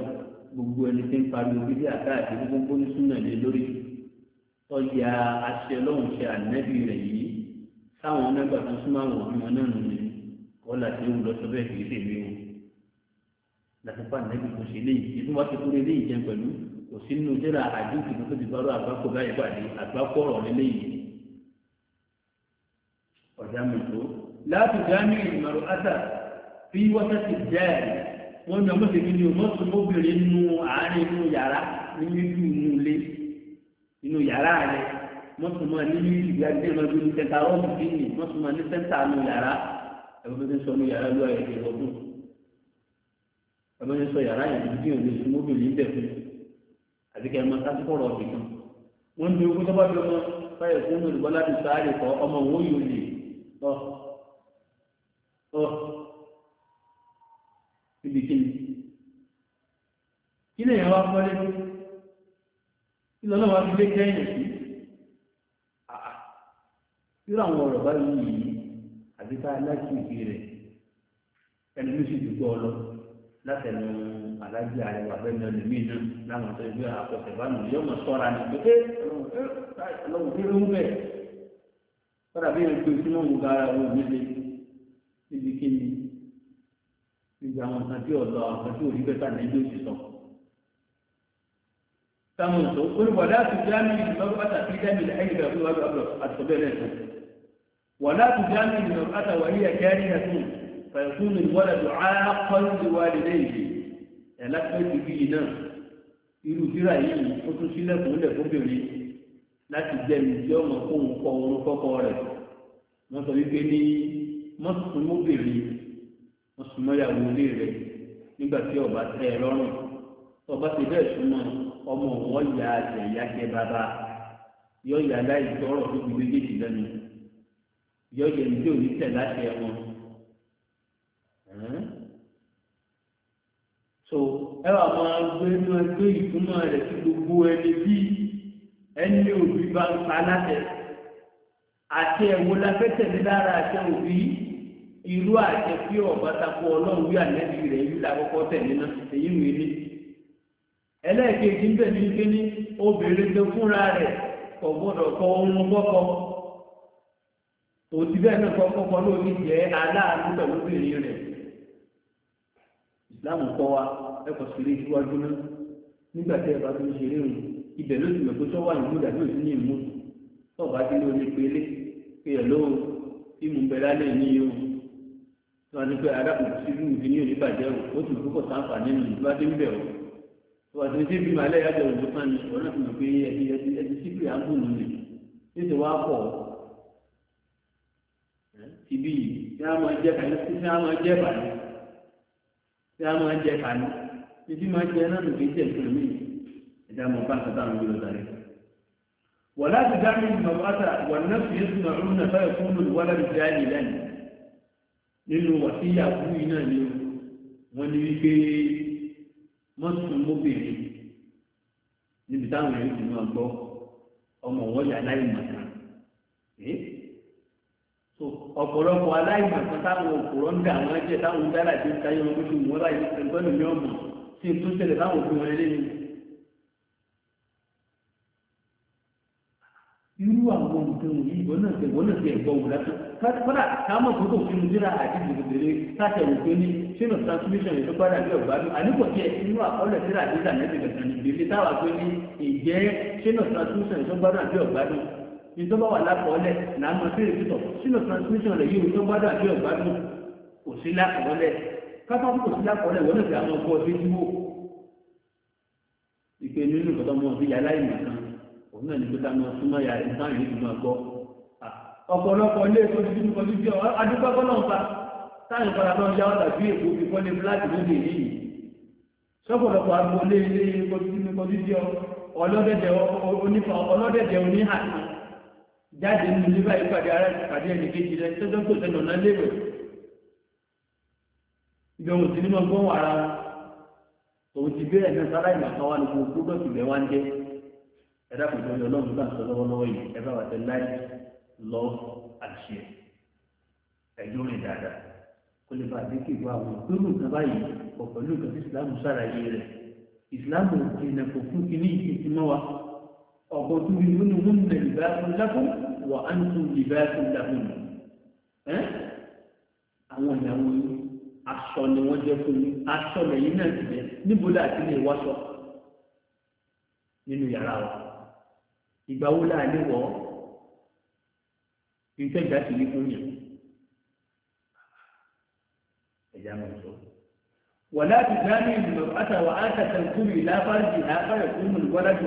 [SPEAKER 1] gbogbo ẹni tí ń pariwo bíbí àkáàtì gbogbo ní súnà lé lórí ọ̀yà àṣẹ ọlọ́run wọn là ti wù lọ́sọ bẹ́ẹ̀ kì í lè mi o làtúpà nẹ́bí kò ṣe léyìí ìdí wọn ti kúrò léyìí jẹ pẹ̀lú kò sí nínú jẹ́ra àdúgbò tó tó ti bá lọ àgbákò báyìí pàdé àgbákò ọ̀rọ̀ léyìí ọ̀dà mọ̀tò láti dání ìmọ̀rọ̀ ádà fi wọ́tá ti jẹ́ ẹ̀ wọ́n ní ọmọ tèmi ni ọmọ tó mọ́bìnrin nínú àárín inú yàrá nínú ìlú inú ilé inú yàrá rẹ̀ mọ́tò máa ní ìgbàgbé ọmọ ìlú sẹ́ńtà rọ́ọ̀mù bí ní mọ́tò máa ní sẹ́ńtà nù yàrá ẹgbẹ́ sọ ní yàrá lọ́wọ́ ẹ̀jẹ̀ lọ́dún ẹgbẹ́ sọ yàrá yẹn bí òní sí móbìlì ń bẹ̀ fún àti kẹ́ ẹ máa sásìkò rọ̀ ọ̀gbìn kan wọ́n ń bí ogún tọ́ba bí ọmọ báyọ̀ fún olùgbọ́ láti sáré kọ́ ọmọ òun yóò lè ọ ọ ibi kí ni kí ni ìyàwó akọ́lé kí lọ́lọ́wọ́ abilé kẹ́yìn sí irú àwọn ọ̀rọ̀ báyìí yìí àbí tá a láti ìbí rẹ̀ ẹni tó sì dùgbọ́ ọ lọ látẹnu alájí àríwá bẹ́ẹ̀ ní ọdún míì náà láwọn tó gbé àkọsẹ̀ bánu yóò mọ̀ sọ́ra ní pé ọlọ́run kí ló ń bẹ̀ kọ́dà bí ẹni pé kí wọ́n mú gara wọn nílé níbi kí ni níbi àwọn kan tí ọ̀dọ́ àwọn kan tí òbí bẹ́ẹ̀ ní ilé òsì sàn. táwọn sọ olùwàdà àti jáàmì ìlú bá bàtà sí jáàmì ìlú ẹ̀yìn ìgbà tó wà lọ́dọ̀ ولا تجامل المرأة وهي كارهة فيكون الولد عاقا لوالديه ẹlẹ́pẹ̀tì bíi náà irú síra yìí ó tún sílẹ̀kùn lẹ̀ fóbìnrin láti jẹ́nu tí ọmọ fóun kọ orun kọ́kọ́ rẹ̀ wọ́n sọ wípé ní mọ́sùnmóbìnrin mọ́sùnmọ́yàwó ilé rẹ̀ nígbà tí ọba tẹ ẹ lọ́rùn ọba ti bẹ́ẹ̀ súnmọ́ ọmọ òun ọ̀yà àjẹ̀yà jẹ bàbá yọ̀ọ̀yà láì tọrọ tó fi méjèèjì lẹ́nu yọjọ ní tí ò ní tẹ̀ láti ẹ̀ wọn. so ẹ wà máa gbé máa gbé ìtumọ̀ rẹ̀ sí gbogbo ẹni bí ẹni òbí bá ń pa látẹ̀ àti ẹ̀wò láfẹ́tẹ̀lé lára àti òbí irú àti kí ọ̀bá takò ọlọ́run wí ànẹ́bí rẹ̀ yìí lákọ́kọ́ tẹ̀lé náà èyí ń wílé ẹlẹ́ẹ̀kejì ń bẹ̀ ní kíní obìnrin tó fúnra rẹ̀ kò gbọ́dọ̀ kọ ohun gbọ́kọ̀ọ́ òtí bẹ́ẹ̀ náà kọ́ kọ́kọ́ ló ní jẹ́ aláàánú pẹ̀lú obìnrin rẹ̀ ìsìláàmù kọ́ wa ẹ̀kọ́ sílé síwájú náà nígbà tí ẹ bá fi ń ṣeré òun ibẹ̀ ló ti mọ̀ pé sọ́wọ́ àyìnbó dàbí òsì ní ìmú tọ́ọ̀bá tí ló ní pélé pé ẹ̀ ló ìmú bẹ lálẹ́ ní yìí o tó wá ní pé arákùnrin sí ìlú ìdí ní òní bàjẹ́ o ó sì kókò sáǹfà nínú ìlú adé ń bẹ̀ o tó wá sí ní síbi màálẹ̀ yájọ òun tó kàn ní ọ̀nà tó mọ̀ pé ẹ ti sí pé à ń bùn nù ibi yìí tí a máa jẹ kàní tí a máa jẹ bàní tí a máa jẹ kàní ibi máa jẹ náà nìkan jẹ nǹkan mi ẹ̀dá mọ̀ bá nǹkan táwọn yóò darí. wàlá ti dá mi mọ̀ pátá wà ní fi yéṣu náà ọ̀run náà fẹ́ẹ́ fún mi wàlá mi jáde lẹ́nu nínú wàsíyà fún yìí náà ni wọ́n ní wípé mọ́tún mọ́bìnrin níbi táwọn èèyàn ti máa gbọ́ ọmọ wọn yà láì mọ̀ kan ọ̀pọ̀lọpọ̀ aláìmọ̀ kan táwọn òkúrọ̀ ń dà wọ́n jẹ́ táwọn dára tí ń tayé wọn lójú wọn láyé ẹgbẹ́nu ní ọ̀mọ̀ tí ń tún tẹ̀lé táwọn òfin wọn lé ní. irú àwọn nǹkan wọ̀nyí ìbọn náà tẹ̀ wọ́n náà tẹ̀ gbọ́ wò látọ̀ kọ́dà ká mọ̀ tó tó fi mu síra àti gbèdégbèrè káṣẹ òkè ní sínú transmission ètò padà bí ọ̀gbá mi àníkò tiẹ̀ inú àkọọ́lẹ̀ síra àti ìdàmẹ́sẹ̀ gàdàn ìgbèlè táwa pé ní ìjẹ́ sínú transmission ètò padà bí ọ̀gbá mi ìjọba wà lápọ̀ọ́lẹ̀ là ń mọ sí ìrìsítọ̀ sínú transmission rẹ̀ yìí tó gbádùn àti ọ̀gbádùn kò sí lápọ̀ọ́lẹ̀ kápá kò sí lápọ̀ọ́lẹ̀ wọ́n lè fi àwọn ọkọ̀ ọdún tí wò. ìpè nínú ìkọ̀tọ́ ọmọ ọdún yà láì mọ̀ kan òun náà ní pé ká mọ súnmọ́ ya ìtàn yìí tó máa gbọ́. ọ̀pọ̀lọpọ̀ ilé ètò ìdíjú kan ní bí ọ náà fa táyì jáde nínú ilé báyìí pàdé ara pàdé ẹnì kejì rẹ tó dọ́tò sẹ́nu ọ̀nà léwẹ̀ ibi ọmọ sí nínú ọgbọ́n wàrà òun ti bẹ́ẹ̀ náà sára ìgbà kan wà ní gbogbo gbọ́dọ̀ ìgbẹ́ wá ń jẹ́ ẹ dákun tó yọ lọ́run gbà sọ lọ́wọ́lọ́wọ́ yìí ẹ bá wà tẹ láì lọ àṣẹ ẹjọ́ rìn dáadáa kó lè bá a dé kí ìwà àwọn ìgbéró nǹkan báyìí ọ̀pọ̀ pẹ̀lú nǹkan tí ìsìlámù ṣàlàyé rẹ̀ ìsìlámù ò ọ̀gbọ̀dún nínú mú nà ìbáṣun lẹ́kùn wà á ń tún ìbáṣun lẹ́kùn. àwọn ìyàwó yìí aṣọ ni wọ́n jẹ́ fún mi aṣọ lẹ́yìn náà ti bẹ̀ níbo láà ti lè wáṣọ nínú yàrá wa ìgbà wo láà lè wọ̀ ìgbà ti ní fún yàn ẹ̀yà mọ̀ sọ. wàlá ti dání ìlú àtàwọn àtàtà kúrò ìlà fárìjì fún mi wọ́lá ju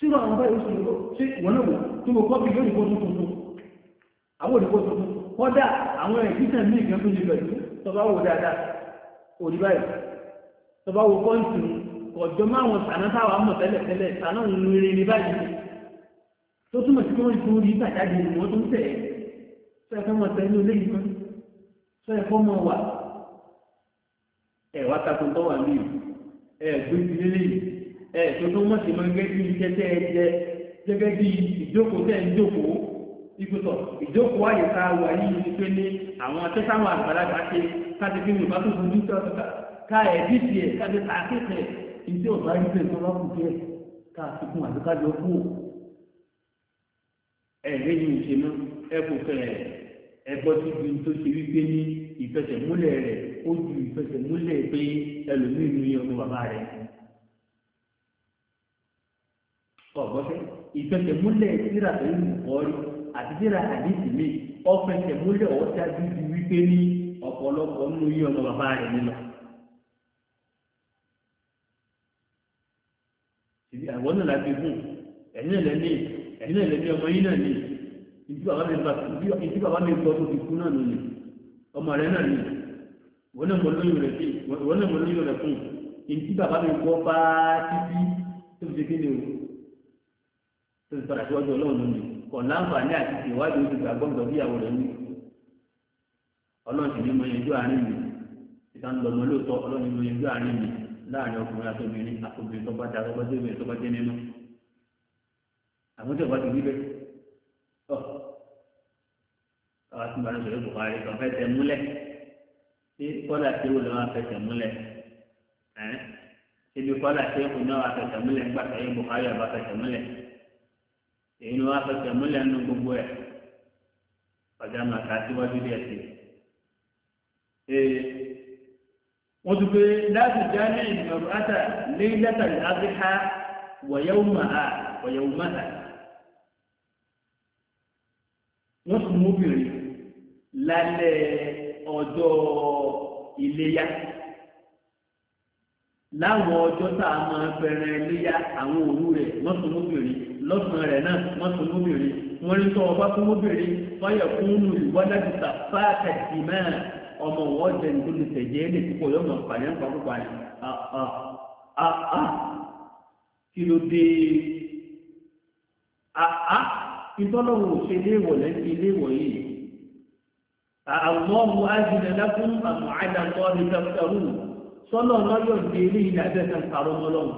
[SPEAKER 1] sínú àwọn báyìí oṣù ìlú ṣe wọ́n náà tó mọ̀ kọ́bí yóò nìkó tuntun àwọn òdìkó tuntun kọ́dà àwọn ìgbésẹ̀ míì gan tó ṣe pẹ̀lú tọba wo dáadáa òdì báyìí tọba wo kọ́ǹtì ọ̀jọ́ máa sànà táwa mọ̀ tẹ́lẹ̀ tẹ́lẹ̀ sànà ìrìnrìn ní báyìí tó túmọ̀ sí pé wọ́n ti rí ìgbàjáde ìwọ̀n tó ń tẹ̀ sọ́yẹ̀fọ́ mọ̀ tẹ́lẹ̀ olé yìí ẹ tọ́jú mọ̀tì mọ́ gẹ́gẹ́ bí tẹ́tẹ́ ẹ̀jẹ̀ gẹ́gẹ́ bí ìjókòó tẹ̀ ń jókòó ìgbésọ̀ ìjókòó àyíká wà yìí ni pé ní àwọn tẹ́sáwọn àgbàlagbà ṣe káti fi mi ìbátan fún yíṣẹ́ ọ̀tọ̀ta ká ẹ̀ bí tiẹ̀ káti ta akéèké ìṣe ọ̀gá yìí pé ìṣọ́lá kù díẹ̀ ká fikún àdúgbàjọ kú ẹ̀ lẹ́yìn ìṣẹ́nu ẹ̀ kò fẹ́ẹ̀ ẹgbọ́ tí ibi tó ṣe wípé ní ìfẹsẹ̀múlẹ̀ rẹ̀ ó ju ìfẹsẹ̀múlẹ̀ pé ẹlòmíì ní ọmọ bàbá rẹ̀ ọgbọfẹ ìfẹsẹ̀múlẹ̀ síra pẹ̀lú ìkọrí àti síra àdìsí mi ọfẹsẹ̀múlẹ̀ ọjà dídí wípé ní ọ̀pọ̀lọpọ̀ nínú yí ọmọ bàbá rẹ nínú. ìdí àwọn náà láti gùn ẹ̀yìn ẹ̀lẹ́ni ẹ̀yìn ẹ̀lẹ́ni ọmọ yín náà ni ìdí bàbá mi bá ìdí bàbá mi gbọ́ tó fi kú náà nìyí ọmọ rẹ náà ni wọ́n náà mọ lóyún rẹ̀ fún ìdí bàbá mi gbọ́ bá títí tó fi ṣe kí ni o tó ti padà síwájú ọlọ́run lónìí kò láǹfààní àti ìwádìí oṣù gbàgbọ́ǹdọ̀ bí ìyàwó rẹ̀ ní ọlọ́run sì ní mọ yanjú àárín mi ìtàn lọ́mọ lóòótọ́ ọlọ́run ní mọ yanjú àárín mi láàrin ọkùnrin àtòmìnrin àtòmìnrin tó bá dá tó bá dé obìnrin tó bá dé nínú àwọn tí ò bá ti wíbẹ ọ àwọn tí mo bá ń sọ̀rọ̀ bùkárí kan fẹ́ tẹ kọ́lá tí ó lọ́wọ́ náà fẹ́ tẹ yín bùkárí àbá èyí ni wọ́n fẹsẹ̀ múlẹ̀ nínú gbogbo ẹ̀ ọjà màkà síwájú díẹ̀ sí i. wọ́n ti pé láti já ní ìjọba ata ní lẹ́tà àbíhá wọ̀yẹ́wò màá wọ̀yẹ́wò màá. wọ́n ti mú obìnrin lálẹ́ ọjọ́ iléyà láwọn ọjọ́ tá a máa fẹ́ràn ẹlẹ́yà àwọn òru rẹ̀ lọ́sùnmọ́bìnrin lọ́sùn rẹ̀ náà lọ́sùnmọ́bìnrin wọ́n rí tọ́ ọba fún mọ́bìnrin fọyọ̀ fún nù ìwádàgùtà fáàkàtì náà ọmọ wọ́n jẹ́ nítorí lè tẹ̀jẹ́ lè púpọ̀ yọ ọmọ pàdé ń pàpọ̀ pàdé àà kí ló dé àà ìtọ́lọ́wọ̀ ṣe léèwọ̀ lẹ́sí léèwọ̀ yìí àwọn ọmọ ajínlẹ̀ lákùn àmọ́ àdàkọ́ sọ́nà lọ́yọ̀ ní ilé ilẹ̀ àbẹ́sẹ̀ ń parọ́ mọ́ lọ́wọ́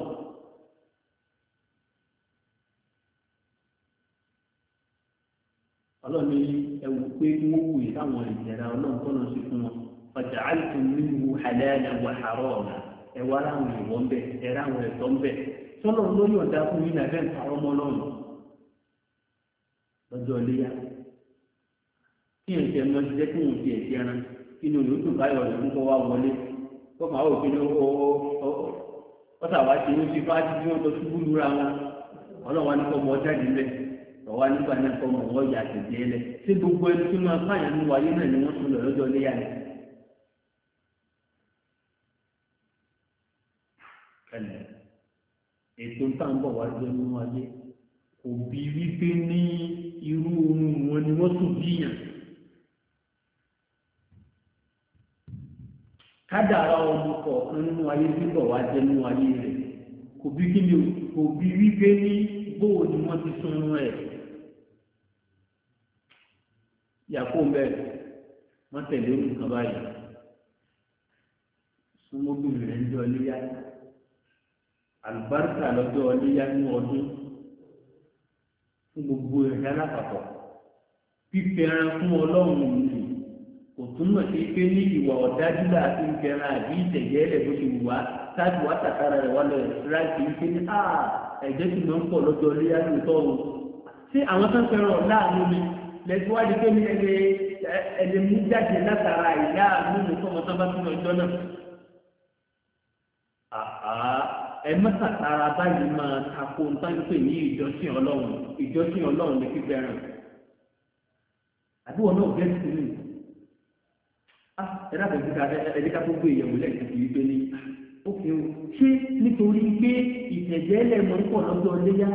[SPEAKER 1] ọlọ́ni ẹ̀wù pé wọ́n wù yìí táwọn ìjẹ̀rà ọlọ́run tọ́nà sí fún wọn ọjà àìsàn nínú àlẹ́ẹ̀lẹ̀ wà àárọ̀ ọ̀nà ẹ̀wà ráhùn ìwọ̀ ń bẹ̀ ẹ̀rá àwọn ẹ̀tọ́ ń bẹ̀ sọ́nà lórí ọ̀dà fún yìí nàbẹ́ ń parọ́ lọ́jọ́ léyà kí ẹ̀jẹ̀ mọ́ ti jẹ́ kí wọ́n ti ẹ̀jẹ̀ ẹran inú yóò dùn báyọ̀ lẹ́nu kọ́ wá wọlé ó máa wò pé ó sàwá ṣe ní fífa ti tí wọ́n tó ṣubú lura wọn ọlọ́wọ́n ní kọ́ jáde lẹ̀ ọ̀wá nígbà náà kọ́ mọ wọ́n yà tètè tí gbogbo ẹni tí máa pààyàn ní wáyé náà ni wọ́n tún lọ lọ́jọ́ léyà rẹ̀. ẹnlẹ ètò tá ń bọ̀ wá jẹ́ nínú ayé òbí wípé ní irú ohun wọn ni wọ́n tún bíyàn. kádàrá ọmọ kọ̀ọ̀kan nínú ayé bíbọ̀ wá jẹ́ nínú ayé rẹ̀ kò bí kí ni kò bí wípé ní bóò ni wọ́n ti sun rẹ̀ yàkó bẹ́ẹ̀ wọ́n tẹ̀lé nǹkan báyìí súnmọ́bìnrin rẹ̀ ń jọ léyà àlùbáríkà lọ́jọ́ léyà ní ọdún fún gbogbo ẹ̀rẹ́ alápapọ̀ fífẹ́ràn fún ọlọ́run nìyí. otu túmọ̀ sí pé ní ìwà ọ̀dájú là ti ń kẹran àbí ìtẹ̀jẹ́ rẹ̀ bó ṣe wùwá táàbù wá tàkàrà rẹ̀ wá lọ ìsirajì wípé ní à ẹ̀jẹ̀ ti lọ ń pọ̀ lọ́jọ́ orí mi lẹ́tí wá di pé ní ẹni ẹni mú jáde látara tara ẹ̀dá kò síta ẹ̀dí ká tó gbé ìyẹ̀wò lẹ́yìn tó yí pé ní òkè ah, o ṣé nítorí pé ìtẹ̀jẹ́ lẹ́mọ̀ pọ̀ lọ́jọ́ léyà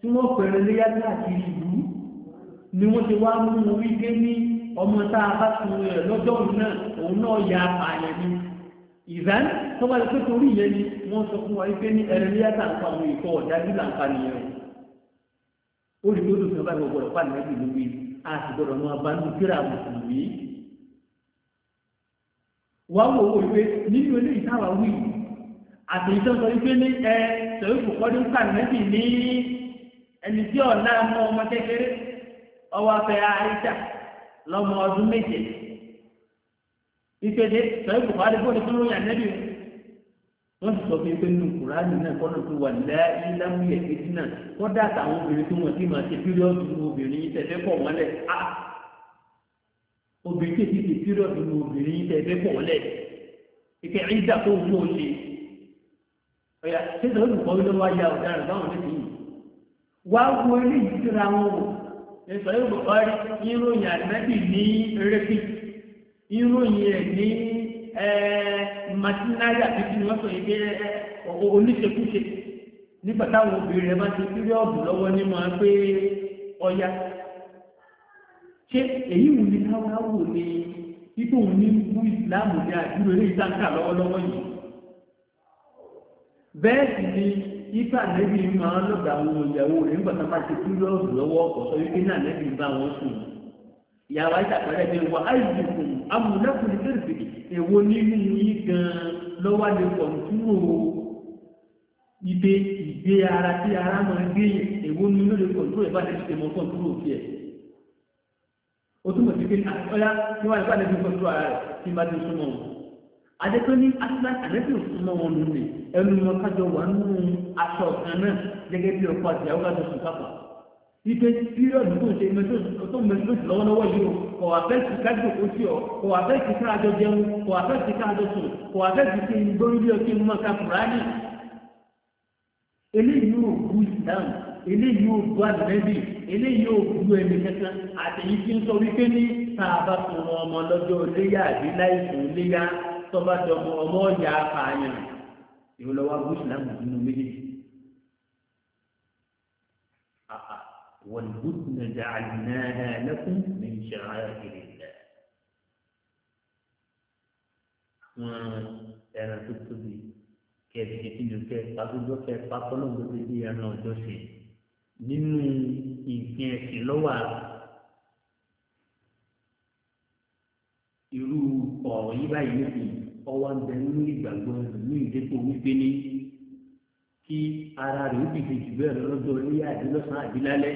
[SPEAKER 1] tí wọ́n pẹ̀rẹ̀ léyà káàkiri ìlú ni wọ́n ti wá mú wọn wípé ní ọmọ tá a bá tún rẹ̀ lọ́jọ́ náà òun náà ya àpààyàn ni ìzán tó bá lè pé torí ìyẹn ni wọ́n sọ fún wa wípé ní ẹ̀rẹ̀ léyà tá à ń pa àwọn ìkọ́ ọ̀dájú là ń pa nìyẹn o olùdókòtò kan báyìí wọ́n gbọ́dọ̀ pàdé wa wò wò wípé nínú ilé ìtawà wí àti ìtọ́sọ wípé ní ẹ sọ̀rọ̀ ìfòkọ́dé ń kàmẹ́sì ní ẹni tí ọ̀la ọmọ ọmọ kékeré ọwọ́ afẹ́ àìsà lọ́mọ ọdún méje ìpèdè sọ̀rọ̀ bó ni tó lóyún ànẹ́bí wọ́n ti sọ fún nínú kùránì náà kọ́nà tó wà láì lámúyẹ̀ fìdí náà kọ́dà àtàwọn obìnrin tó ṣe obìnrin tẹ̀lé pọ̀ obìnrin tètè tètè pírọ̀dù ní obìnrin tẹ̀ fẹ́ pọ̀ lẹ̀ ìkẹ́ ìdá tó ń wọ́n ọ̀yà ló wá ya ọ̀daràn báwọn lè fi wá wo eléyìí síra wọn wò ẹ̀sọ́ yóò bọ̀ rí ìròyìn ànábì ní rẹ́pì ìròyìn ẹ̀ ní títí ni wọ́n sọ yìí pé oníṣekúṣe nígbà táwọn obìnrin rẹ̀ bá ti lọ́wọ́ ṣé èyí wù ní káwá wò ní ipò òun ní bú ìsìláàmù ní àdúró eré ìtànkà lọ́wọ́lọ́wọ́ yìí bẹ́ẹ̀ sì ni ipa nẹ́bí máa ń lọ́gbà àwọn ìyàwó rẹ̀ nígbà tá a bá ti kú lọ́ọ̀dù lọ́wọ́ ọkọ̀ sọ wípé náà nẹ́bí bá wọn sùn ìyàwó àìsàkọ́rẹ́ bẹ́ẹ̀ wọ àìsùkùn amúnákùnrin fèrèsì èwo nínú yín gan-an lọ́wọ́ lè pọ̀ túwò ibé ìgbé ara tí ara máa gbé èwo nínú lè pọ̀ túwò ìbáṣepọ̀ mọ́ pọ̀ túwò tiẹ̀ o túmọ̀ sí pé ah, ọ̀yá ní wàá nípa àdébí nǹkan tó ara rẹ̀ tí n bá ti súnmọ́ wọn. adétọ́ ní àdébí súnmọ́ wọn nù ní ẹnu wọn kájọ wà nínú aṣọ kan náà gẹ́gẹ́ bí ọkọ àti àwọn àjọ sùn kápá. ipe pírọ̀dù tó ń ṣe mẹtọ́sọ̀ mẹtọ́sọ̀ lọ́wọ́lọ́wọ́ yìí o kò wà fẹ́ ti kájọ kó sí ọ kò wà fẹ́ ti kájọ jẹun kò wà fẹ́ ti kájọ sùn kò wà fẹ́ ti ṣe gbórílé ọtí mọ́ ká fúráàlì. eléyìí yóò bú ìdáhùn eléyìí yóò bú àdìrẹ́bì eléyìí ò gbú ẹni kankan àtẹ̀yí tí ń sọ wípé ní tá a bá fún ọmọ lọ́jọ́ léyà àbí láì fún léyà tó bá dọ̀mọ ọmọ ọ̀yà apààyàn ìwọ lọ́wọ́ agbó ìsìlámù nínú méjèèjì. والبدن جعلناها لكم من شعائر الله ẹran tó tóbi kẹsì kí ni kẹ pàtó jọ kẹ pàtó lóun tó ti di ẹran ọjọ ṣe nínú ìgbìn ẹ̀sìn lọ́wọ́ àrùn irú ọ̀rọ̀ yí báyìí níbi ọwọ́ ń bẹ nínú ìgbàgbọ́ ìlú ìdẹ́kọ̀ wípé ní kí ara rẹ̀ ó dìde jù bẹ́ẹ̀ lọ lọ́jọ́ orí àdínlálẹ́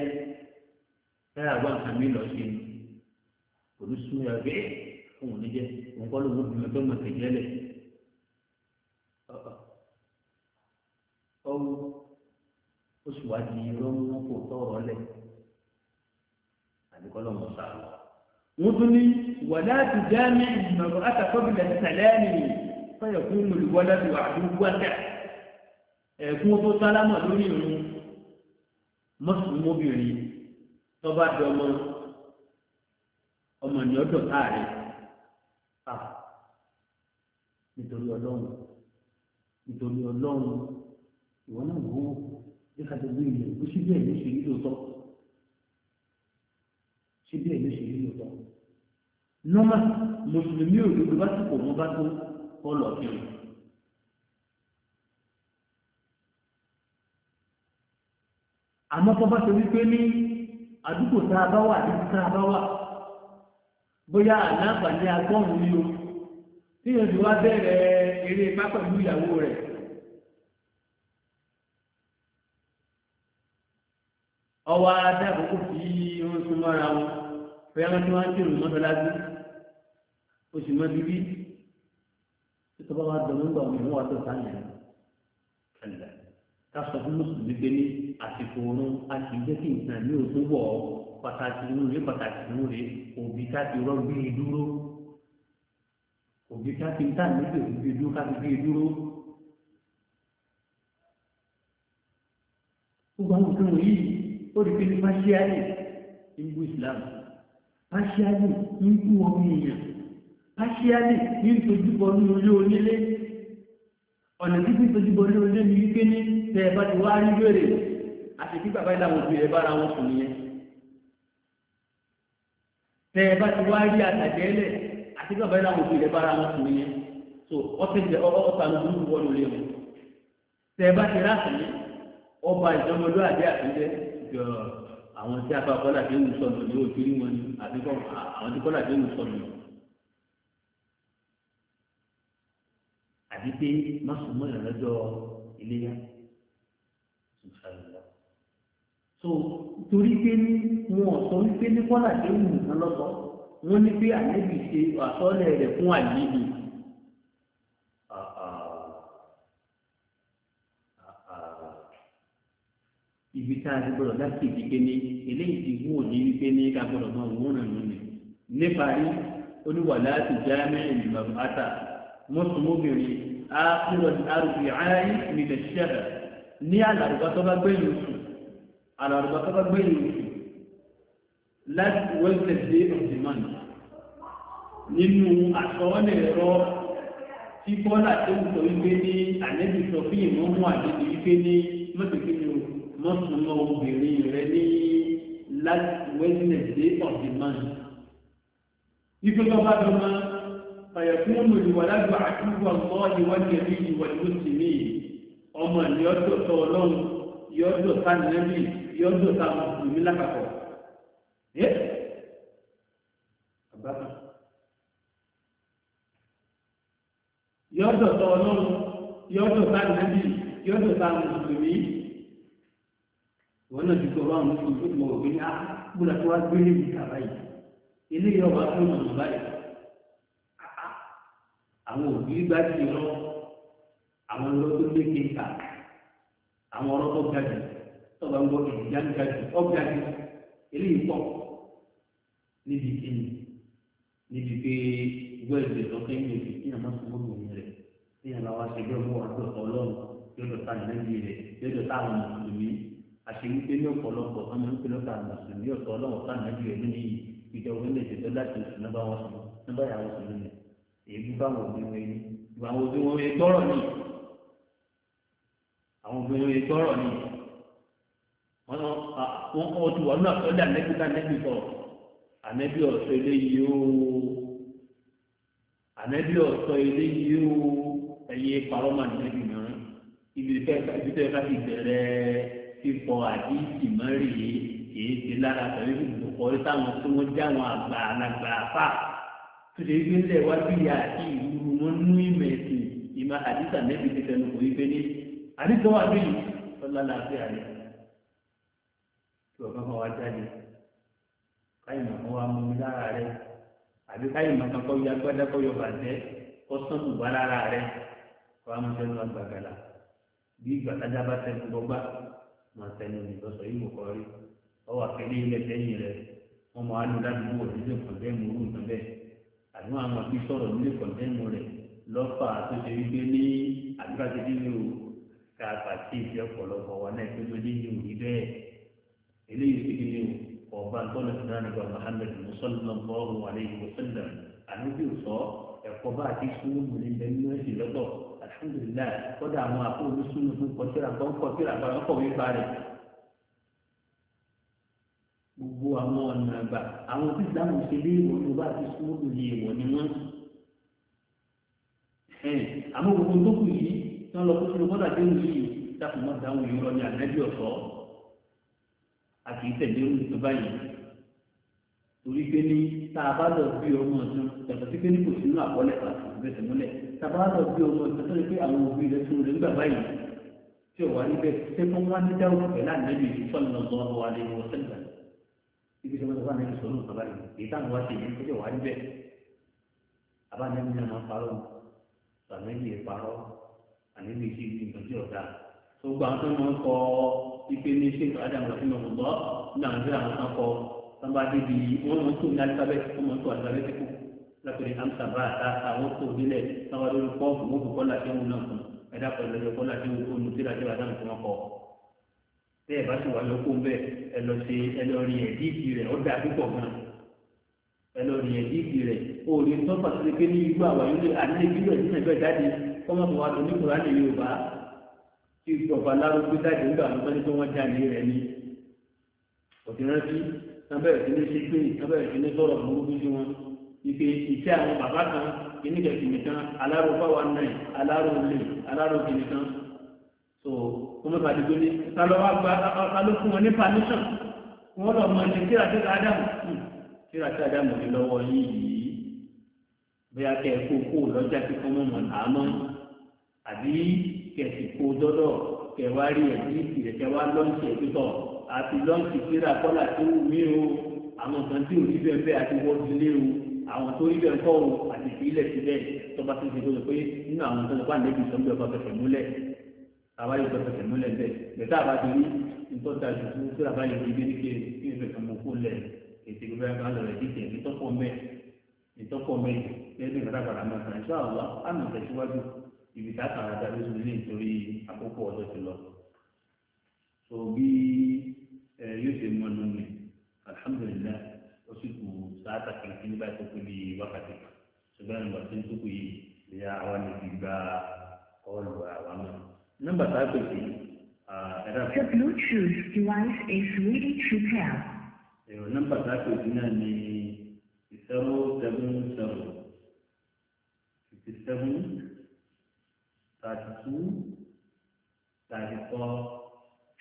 [SPEAKER 1] ẹ̀rọ àgbà nǹkan mi lọ sí i olùsúnyàgbé òun níjẹ́ òun kọ́ ló ń bí mọ́tò mọ́tò jẹ́lẹ̀. ó sì wá di irọ́ mú kò tọ̀rọ̀ lẹ̀ àbíkọ́ lọ́mọ sáà lọ. wọ́n tún ní wàlá ti já mi ìmọ̀ràn àtàkọ́bìlẹ̀ sàlẹ́ẹ̀nì fẹ́yẹ̀ fún olùwọ́lá ti wà àdúgbò àtà ẹ̀kún tó sálámà lórí ìrún mọ́sùlùmí tọ́ba dọmọ ọmọ ní ọdọ̀ káàrí à nítorí ọlọ́run nítorí ọlọ́run ìwọ náà wò ó bí ká tó gbé ilẹ̀ ó sì bẹ́ẹ̀ ló ṣe rí lóòótọ́ ṣé bẹ́ẹ̀ ló ṣe rí lóòótọ́ nọ́mà mùsùlùmí òdodo bá ti kò mú bá tó kọ́ lọ kí o. àmọ́ tó bá ṣe wípé ní àdúgbò tá a bá wà àdúgbò tá a bá wà bóyá àná àgbàdé agbọ́n mi o tí yóò ti wá bẹ̀rẹ̀ eré pápá ìlú ìyàwó rẹ̀. ọwọ́ adá àkókò tí wọ́n fi mọ́ra wọn bóyá wọ́n ti wá ń tì rùn mọ́tò lájú oṣù mọ́ bíbí tó bá wá dùn nígbà òmìnira wà tó sáyẹn kẹlẹ ká sọ fún mùsùlùmí gbé ní àsìkò oorun a kì í jẹ́ kí nǹkan mi ò tún wọ̀ pàtàkì inú rẹ̀ pàtàkì inú rẹ̀ òbí ká ti rọ́ gbé e dúró òbí ká ti ń tà níbi òbí dúró ká ti gbé e dúró. gbogbo àwọn òṣèlú yìí ó di pé ní pàṣíálì ń bú islam pàṣíálì ń bú ọmọ èèyàn pàṣíálì ń tojúbọ ní orí onílé ọ̀nà tí ń tojúbọ ní orí onílé wípé ní tẹ ẹ bá ti wá rí bèrè àti kí bàbá ìlànà òbí rẹ bára wọn sùn nìyẹn tẹ ẹ bá ti wá rí àtàjẹ́lẹ̀ àti kí bàbá ìlànà òbí rẹ bára wọn sùn nìyẹn so ọ̀sẹ̀ ọ̀sán ló ń wọlé wọn tẹ ẹ bá ti rà sí ọba ìjọmọdé àdé àtúndẹ́ jọ àwọn tí afa kọ́lá tí ń sọnù ní ojú rí wọn ni àbí kọ́ àwọn tí kọ́lá tí ń sọnù. àbí pé má sùn mọ́ ìrìn lọ́jọ́ iléyà sùsàlùwà. so torí pé ní wọn ò sọ wípé ní kọ́lá tí ń wù nǹkan lọ́sọ̀ọ́ wọ́n ní pé àlébì ṣe àsọ́ọ̀lẹ̀ rẹ̀ fún àlébì. ibi tá a ti gbọdọ̀ láti ìdí kéne eléyìí ti wú òní wípé ní ká gbọdọ̀ máa wọ́n ràn lónìí níparí oníwà láti já mẹ́rin ìbàbọ̀ àtà mọ́sùmọ́bìnrin ákúrò àrùbí ayé nílẹ̀ ṣẹ́rẹ̀ ní alàrúbá tó bá gbẹ̀yìn oṣù alàrúbá tó bá gbẹ̀yìn oṣù láti wẹ́sẹ̀ dé ọ̀sẹ̀ mọ́ni nínú àsọ́ọ́lẹ̀ ẹ̀rọ tí bọ́lá tó ń sọ wípé ní àlẹ́bí sọ fún ìmọ̀ọ́mọ́ àdéhùn wípé ní mọ́tòkì wọ́n fún mọ́ obìnrin rẹ ní wednesday of the month. ife tó bá dùn mọ́ fàyàkùn mùlùwà lágbà àtúwà mọ́ ìwádìí ẹ̀rí ìwádìí ó ti mí ọmọ ní ọjọ́ tó ọlọ́run yọjọ́ tá nẹ́bí yọjọ́ tá mùsùlùmí lápapọ̀. ẹ́ àbá yọjọ́ tó ọlọ́run yọjọ́ tá nẹ́bí yọjọ́ tá mùsùlùmí wọn náà ti sọ̀rọ̀ àwọn oṣù tó mọ̀ òbí ní àbúrò tó wá gbélé yìí kàbá yìí eléyìí ọba tó mọ̀ mọ̀ báyìí ah, ah. àwọn òbí gbá ti rọ àwọn ọlọ́ tó lé kéka àwọn ọlọ́ tó ga jù tọ́ba ń gbọ́ ìdíjà ń ga jù ọ̀gá jù eléyìí pọ̀ níbi kíni níbi pé gbọ́ ìgbè lọ́kẹ́ yìí òbí kí àmọ́ sọ́mọ́ lòun rẹ̀ kí àmọ́ wá ṣe bí ọmọ àti wípé ní ọ̀pọ̀lọpọ̀ wọn máa ń pè lọ́kà mùsùlùmí ọ̀tọ̀ ọlọ́wọ́ káàná ju èmi ní ìjọ orílẹ̀-èdè tó láti oṣù nọ́bà wọn sùn nọ́bà ìyàwó sùn lónìí èyí báwọn òbí wọn ni àwọn òbí wọn yẹ tọrọ ni àwọn òbí wọn yẹ tọrọ ni wọn wọn ti wà ní àtọ́lé ànẹ́bí káànẹ́bí sọ̀rọ̀ ànẹ́bí ọ̀sọ́ eléyìí ó ànẹ́bí ọ̀sọ́ eléyìí ó ẹ̀yẹ parọ́mà ànẹ́bí mìíràn fífọ àdìsí mọ́rì yìí kìí ṣe lára pẹ̀lú ìbùkọ́ táwọn tí wọ́n já wọn àgbà àgbà àfà tó ṣe gbé ńlẹ̀ wá bí ìyá àti ìlú wọn nú ìmọ̀ ẹ̀sìn ìmọ̀ àdìsá nẹ́bí ti fẹnu kò wípé ní àdìsá wà bí ọlá làbẹ́ àrẹ tí ọ̀gá kan wá jáde káyọ̀ kan wá mú mi lára rẹ àbí káyọ̀ kan kọ́ yọ agbádá kọ́ yọ bàjẹ́ kọ́ sọ́ọ̀tù wá lára rẹ wàá mú sẹ́nu àgbàgàlà bí ìgbà bá sẹ́nu gbọ́gbá máa tẹnu ní lọ́sọ̀ yìí mo kọ́ rí ọwọ́ àfẹ́lẹ́ ilẹ̀ tẹ́yìn rẹ̀ wọ́n máa lò ládùúgbò nílé kọ̀ndẹ́mù rú nǹkan bẹ́ẹ̀ àbí wọn máa fi sọ̀rọ̀ nílé kọ̀ndẹ́mù rẹ̀ lọ́fà tó ṣe wípé ní àdúrà tẹ́lẹ̀ mi ò ká pàṣẹ ìṣe ọ̀pọ̀lọpọ̀ wa náà pé mo ní ní òní bẹ́ẹ̀ eléyìí sì ni ọba tọ́lá sinanigba muhammed musalman bọ́ọ̀rù alihamudulilayi kọ́dà àwọn àkóòdù súnú fún kọtíra kan kọtíra kan ọkọ̀ wípa rẹ̀ gbogbo àwọn ọ̀nà àgbà àwọn tí ìsìlámù ṣe lé ìwọ̀n ní wàá ti súnmọ́tò lè wọ̀ ni wọ́n. àmọ́ gbogbo tó kù yìí tí wọ́n lọ kó sínú kọ́dà tó ń yí dákùnmọ́ dáhùn yìí lọ ní àti ìtẹ̀lé tó báyìí torí pé ní tá a bá lọ bí ọmọ ọdún yàtọ̀ sí pé ní kò sínú àkọọ́lẹ̀ pàtó bẹ́sẹ̀ mọ́lẹ̀ tá a bá lọ bí ọmọ ọdún tó ní pé àwọn òbí rẹ̀ tó rẹ̀ ń gbà báyìí tí ò wá níbẹ̀ ṣé fún wá ní dáwọ́ pẹ̀lú ànábì sọ́ọ̀nù ọ̀gbọ́n wa lè wọ sẹ́gbà ibi tí wọ́n ti wá níbi sọ́ọ̀nù bàbá rẹ̀ èyí táwọn wá ṣe yìí tó wá níbẹ̀ abánábì náà máa parọ́ sàmẹ́lì ẹ̀ parọ́ ànábì sí ibi tó wọn bá débi wọn mọ tó ní alifábẹ́tì wọn mọ tó alifábẹ́tì kù lápẹ̀rẹ̀ amsa bá a ta àwọn tó nílẹ̀ táwọn lórí pọ́ọ̀pù wọn kò kọ́lá tí wọn náà kù ẹ̀dá pẹ̀lú ẹ̀dá kọ́lá tí wọn kò nù síra tí wọn dáhùn fún wọn kọ́ bẹ́ẹ̀ bá ti wà lọ́kọ́ bẹ́ẹ̀ ẹ lọ sí ẹ lọ rí ẹ̀díìkì rẹ̀ ó dáa púpọ̀ gan ẹ lọ rí ẹ̀díìkì rẹ̀ ó rí tó ní irú àwọn ilé àdílé bílẹ̀ nínú ẹgbẹ́ jáde kọ́mọ́ tó wà lóní kùránì yorùbá tí ìjọba lárúgbó jáde nígbà tó wọ́n jáde rẹ̀ ni òtí rántí kan bẹ̀rẹ̀ sí ní ṣe pé kan bẹ̀rẹ̀ sí ní sọ̀rọ̀ burúkú sí wọn ike iṣẹ́ àwọn bàbá kan kìnnìkan kìnnìkan aláró fáwọn náà aláró lè aláró kìnnìkan so wọ́n mẹ́fà dìgbò ní sálọ́wọ́ gba alókùn wọn ní permission wọ́n lọ mọ ní kíra tí adamu hmm, kíra tí adamu ní lọ́wọ́ yìí bóyá kẹ́ ẹ kó kó lọ́jà tí kọ́ mọ̀mọ́ àmọ́ àbí kẹ̀sì dọ́dọ̀ kẹwàá rí ẹ̀dí ìrẹ̀kẹwàá lọ́ọ̀ṣẹ̀ pípọ̀ àti lọ́ǹkì síra kọ́là tó wù mí o àwọn kan tí ò ní bẹ́ẹ̀ bẹ́ẹ̀ àti wọ́n ti lé o àwọn tó rí bẹ́ẹ̀ kọ́ o àti ìfilẹ̀ síbẹ̀ tọ́ba tó ti gbọdọ̀ pé nínú àwọn tó ń pa níbi ìsọ̀nbí ọba fẹsẹ̀ múlẹ̀ àbáyọ ọba fẹsẹ̀ múlẹ̀ bẹ́ẹ̀ bẹ́ẹ̀ àbá ti rí nítorí àjò tó síra báyìí lórí bí níke kí n fẹsẹ̀ mọ̀ kó lẹ̀ ètò ìgbẹ́ bá lọ rẹ̀ dídì ìtọ́kọ̀ mẹ́ ìtọ́kọ̀ mẹ́ lẹ́yìn ìgbàdàgbàdà máa tàn ṣáà wá àmì ìtẹ̀síwájú ìbìtà kàràdà lóṣù nílé nítorí àkókò ọjọ́ so bí ẹ eh, yóò ṣe mọ nù mí alhamdulilah ó sì kù sáàtà kankan nígbà tó kú bíi wákàtí kan ṣùgbọ́n nígbà tó ń tó kù yìí ni àwa lè fi gba kọ́ọ̀lù àwa náà. nọ́mbà tá a pèsè ẹ̀rọ àpò. the bluetooth device is ready to pair. ẹ̀rọ nọ́mbà tá a pèsè náà ni zero seven zero fifty seven thirty two thirty four.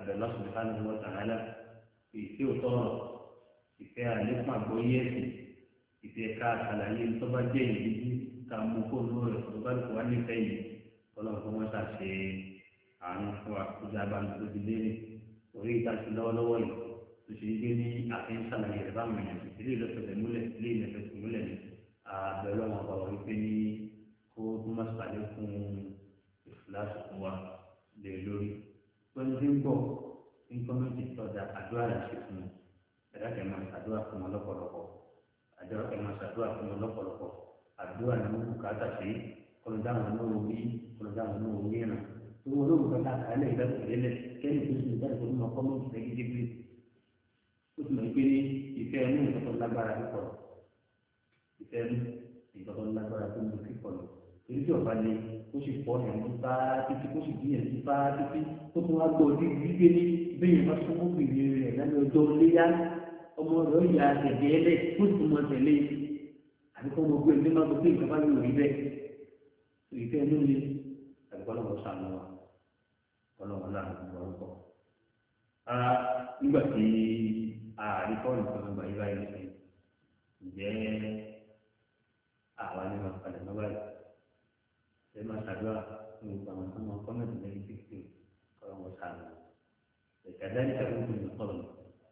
[SPEAKER 1] àbẹ̀lọ́ sùnìkánì wọ́n tàhálà ìfẹ́ òtọ́rọ̀ ìfẹ́ àlékún àgbọ́yé ẹ̀sìn ìfẹ́ ká àṣàlàyé tó bá jẹ́ ìdíjú ká mú kó ló rẹ̀ tó bá lùkọ́ wá nífẹ̀ẹ́ yìí ọlọ́run kó wọ́n ṣàṣe àrùn fún àkójá abánilójúlérè orí ìdájú lọ́wọ́lọ́wọ́ yìí tó ṣe gbé ní àfihàn ṣàlàyé rẹ̀ báwọn èèyàn ilé ìlọ́fẹ̀ẹ́ múlẹ̀ ilé ìlọ́fẹ̀ẹ́ múlẹ̀ ni àbẹ̀lọ́ wọn bá wọ́n wípé ní kó tó má ṣàlékún ìfúláṣ pẹ̀lú tí ń bọ̀ nǹkan méjì tọ́jà àdúrà yà sí fún un ẹ̀dá kẹ́ máa ṣàdúrà fún wọn lọ́pọ̀lọpọ̀ àdúrà kẹ́ máa ṣàdúrà fún wọn lọ́pọ̀lọpọ̀ àdúrà ni wọ́n kà á tà sí kọlọ́dáwọn náà wọ́n yí kọlọ́dáwọn náà wọ́n yí ẹ̀nà tó wọ́n lóògùn kan láàkà lẹ́yìn bá tẹ̀lé lẹ̀ kẹ́yìn tó sì dáàbò ní ọkọ mọ́ ìfẹ́ gidi bí ó sì mọ̀ pé ìfẹ́ ẹnu ìtọ́tọ́ lágbára púpọ̀ ìfẹ́ ẹnu ìtọ́tọ́ lágbára kíkọ̀ lọ èyí tí ọba lè kó sì fọ ẹ̀yìn ní bá títí kó sì dín ẹ̀yìn bá títí kó tó wá gbọ́ ojú gbígbé ní bẹ́ẹ̀ bá tó kókò ìrìn rẹ̀ lẹ́nu ọjọ́ léyà ọmọ rẹ̀ ó yà tẹ̀lé ẹlẹ́ kó sì mọ tẹ̀lé àbí kó gbogbo ẹ̀mí máa gbogbo ìjọba yóò rí bẹ́ẹ̀ èyí tẹ́ ẹnu ni àgbọ̀lọ́wọ́ sànù wa ọlọ́wọ́ náà lórúkọ. nígbà tí ààrí fọ́ọ̀nù kan gbà ni wọn padà lọ́wọ́ ẹ máa ṣàdúrà fún ìgbà wọn fún wọn kọ́mẹ̀tì lẹ́yìn sixteen kọ́ra wọn sàánù ìkàdáyé ṣàkóso ìlú kọ́lọ̀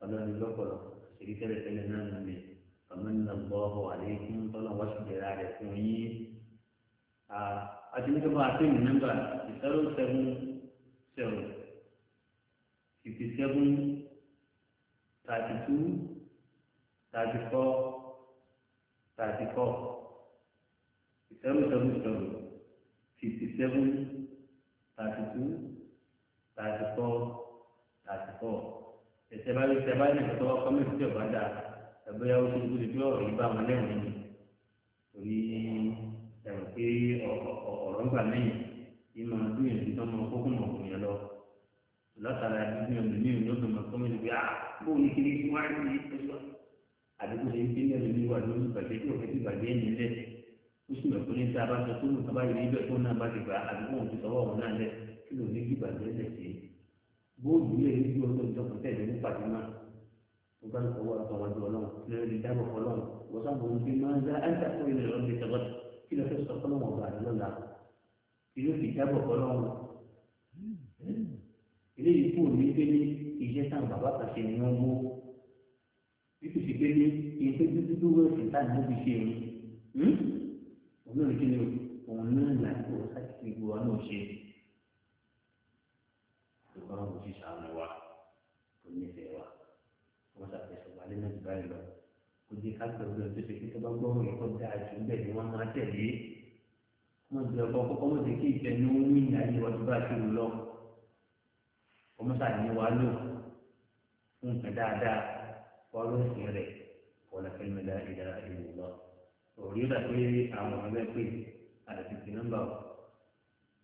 [SPEAKER 1] ọlọ́ni lọ́pọ̀lọ́ ṣèlú tẹ́lẹ̀ tẹ́lẹ̀ náà ló ní ọmọ nínú ọgbọ́ àlékún tọ́lọ̀ wọ́n sì bẹ̀rẹ̀ rẹ̀ fún yín. àtúntò bá a pè ní nọ́mbà zero seven zero fifty seven thirty two thirty four thirty four zero seven zero fifty seven thirty two thirty four thirty four ẹsẹ bá yẹ ẹsẹ bá yẹ ẹsẹ wọn kọmí ìfúnjẹ bá dà ẹgbẹ́ yà wọ́n ti dúró bí ọ̀rọ̀ yìí bá wọn lẹ́wọ̀n yìí torí ẹ̀rọ pé ọ̀rọ̀ ń gbà lẹ́yìn yìí máa dún yẹn títí ọmọ kókó mọ̀ ọ̀gbìn yẹn lọ látara ẹbí yẹn lómi yẹn lọ́dún mọ̀ kọ́mí ìfúnjẹ à bóun ní kiri wá ní ẹ̀ṣọ́ àdúgbò yẹn kí ní ẹ̀rọ yìí wà lórí ó sì mọ̀ pé ní sábà sọ pé nǹkan báyìí níbẹ̀ tó náà bá ti gbà àdúgbò òun ti sọ́wọ́ òun náà lẹ̀ kí ló ní gbígbà lẹ́lẹ̀ sí
[SPEAKER 2] bóòlù ilé ní bí ọjọ́ ìjọ kan tẹ̀lé
[SPEAKER 1] ní pàdé náà mo bá lọ́kọ̀ wá tọ́wọ́ ju ọlọ́run lórí ní dábọ̀ fọlọ́run wọ́n sábà ń gbé máa ń dá áńtà fún ilé ọ̀rọ̀ níta bọ́tù kí ló fẹ́ sọ fọlọ́run ọ̀gá àdúrà ilé ti dábọ̀ fọlọ́run ilé yìí kú òní pé ní iṣẹ́ táwọn bàbá kan ṣe ni wọ́n mú bí kò sì pé ní iye tó dúdú wẹ̀sì táwọn mú fi ṣe ni hmm? náà kí ni òun náà là ń kó láti fi gbogbo wa náà ṣe ìgbà wọn kò sí sàánù wa kò ní ìfẹ́ wa wọn ṣàfihàn wa lẹ́nu ìgbà yìí lọ kò jẹ́ ká gbẹ̀rù lọ tó ṣe kí tó bá gbọ́ ọ̀rọ̀ tó dáa jù bẹ́ẹ̀ ni wọ́n máa tẹ̀lé wọ́n jẹ́ ọkọ̀ kọ́kọ́ mọ̀ sí kí ìfẹ́ ní ó ní ìyáyé bá ti lọ ọmọ sàní wa lò nǹkan dáadáa wọ́n ló rẹ̀ wọ́n òòlù yóò dàgbé àwọn ọmọ ẹgbẹ́ pé àdìsí nọ́mbà ò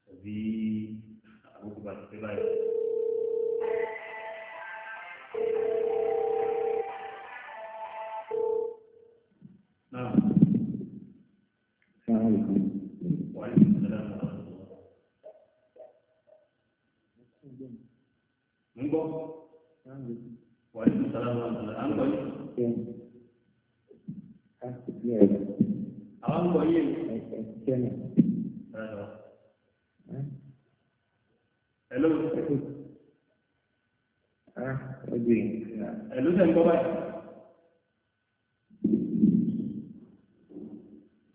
[SPEAKER 1] tàbí àkókò ti pé báyìí. káàkiri ẹ̀ àwọn ń bọ̀ yé ẹ̀ ẹ̀ tẹ́lẹ̀. Hello. Ah, ojú yìí. Hello sẹ́ ń gbọ́ báyìí.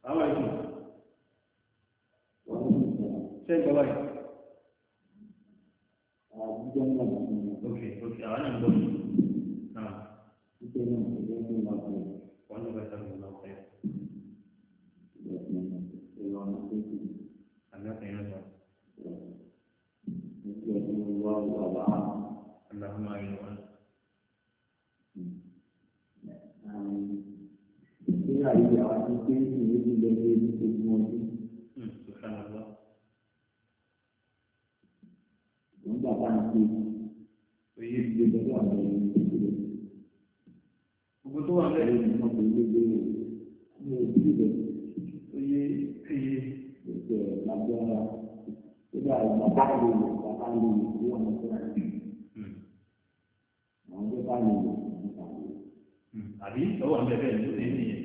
[SPEAKER 1] Àwọn ìsìn. Ṣé ń gbọ́ báyìí? Àbújá ń bọ̀. Ok, ok, àwọn náà ń bọ̀. Ah. Ìṣẹ́ náà ń bọ̀. وأنا بسأل الله خير أنك يا اللهم آمين سبحان الله Wọ́n gbà bá ń pè é. Oyè ìgbésẹ̀ wà lórí ìgbésẹ̀ tó wà lẹ́yìn ní wọn kò ní ojú rẹ̀ tó yé kéye ètò lágbára nígbà bàbá lè lò bàbá lè lò tó wà lẹ́yìn. àwọn tó bá lè lò wọn kà lè hmm. hmm. àbí ọwọ́ mi ló lè nìyẹn.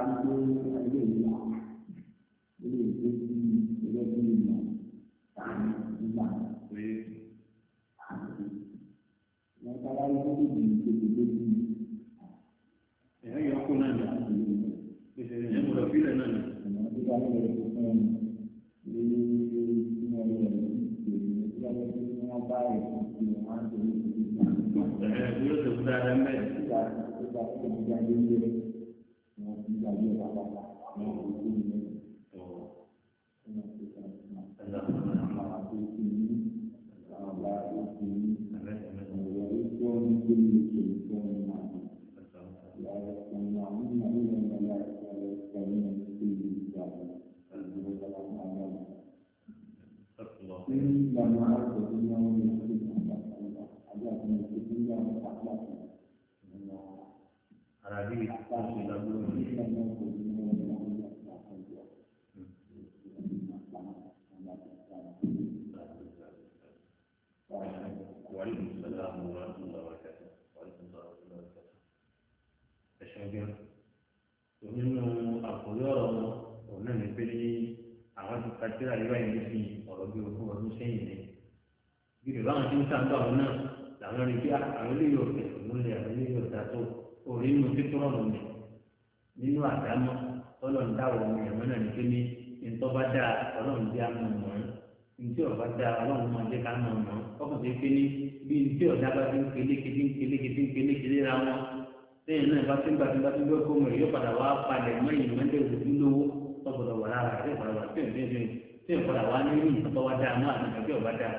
[SPEAKER 1] wípé وعليكم السلام ورحمة الله وبركاته وعليكم السلام ورحمة الله وبركاته ẹ̀ṣọ́jọ́ nínú àkórí ọ̀rọ̀ wọn àwọn ti ka tíra yíwá yìí fi ọ̀rọ̀ bí ogún ọdún sẹ́yìn ni bí bàbá àwọn tí ń sàǹdọ̀ àwọn náà làwọn rí bí àwọn ilé yóò fẹ̀ múlẹ̀ àwọn ilé yóò dà tó òun nínú títúrọ̀ ọ̀nà mi nínú àdámọ́ tọ́lọ̀ dáwọ̀ ọmọ ìyàmọ́ náà ní pé ní ntọ́ bá dáa ọlọ́run bí á mọ̀ ọ́n ntí ọba da ọlọ́run máa jẹ́ ká mọ̀ mọ́ ọkùnrin tó ń pélé bí ntí ọ̀dà bá ti ń pélé kété ń pélé kété ń pélé kété ra wọn lẹ́yìn náà bá ti ń bá ti ń bá ti ń bẹ́ kó mọ̀ yóò padà wá palẹ̀ mọ́ ìyìn mọ́tẹ́ òdòdó lówó ọgbọ̀dọ̀ wà lára àti ìpadà wà tí òǹdí ẹ̀dùn tí ìpadà wà ní ìlú ìtọ́ wa dáa mọ́ àtúntò tí ọba dáa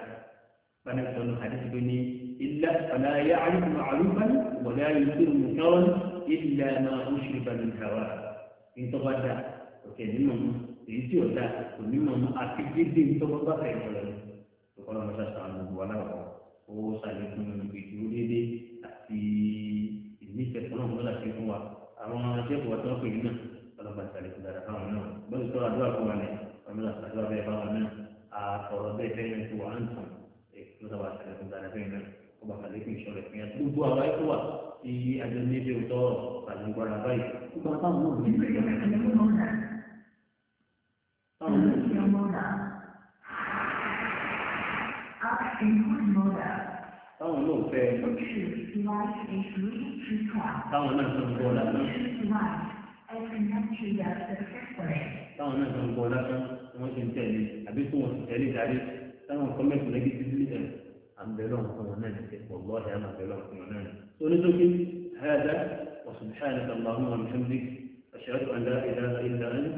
[SPEAKER 1] bani sọnù àdìsígbé ní ilá ọ̀la ayé àyùkùn àlùbáni wọ̀lá ayélujára nìkan ilá náà ó ṣe ìbànújẹ́ wa ní òkè nínú èyí tí ọ̀dà onímọ̀ àti dédé tọ́gbọ́n bá fẹ̀ lọ rẹ̀ lọ́kọ́lọ́ ọ̀dà sàánù wà láwọ̀ ó ṣàlékún ìdúró dédé àti ìnífẹ̀ẹ́ fún ọ̀dà lọ́dà sí fún wa àwọn akẹ́kọ̀ọ́ tó ń pè nínà ọlọ́ba ṣàlékún dára fáwọn náà bọ́lá tó àdúrà fún wa lẹ̀ ọlọ́ba àdúrà bẹ́ẹ̀ bá wa náà àtọ̀rọ̀ bẹ́ẹ̀ fẹ́ẹ́ tó wà ń tàn lọ́dà ṣàlékún dára fẹ́ẹ́ náà ọba ṣàlékún ìṣọ̀rẹ̀ fún yàtọ̀ gbogbo àwa ètò wa ti àjọ níbi ìtọ́ àjọgbọ́n àbáyé. Include mother. Up include mother. Táwọn náà fẹ́. Which is like a three to twelve. Táwọn náà tó ń bọ̀ lásán. Which is like a connected successfully. Táwọn náà tó ń bọ̀ lásán ni wọ́n ti ń tẹ̀lé àbí tí wọ́n ti tẹ̀lé darí táwọn kọ́mẹ́tì lẹ́gí ti dílé ẹ̀ àǹbẹ̀lọ́ nǹkan wọn náà ti pọ̀ lọ́ọ̀ ẹ̀ àǹbẹ̀lọ́ nǹkan wọn náà. Sọ nítorí هذا وسبحانك اللهم وبحمدك أشهد أن لا إله إلا أنت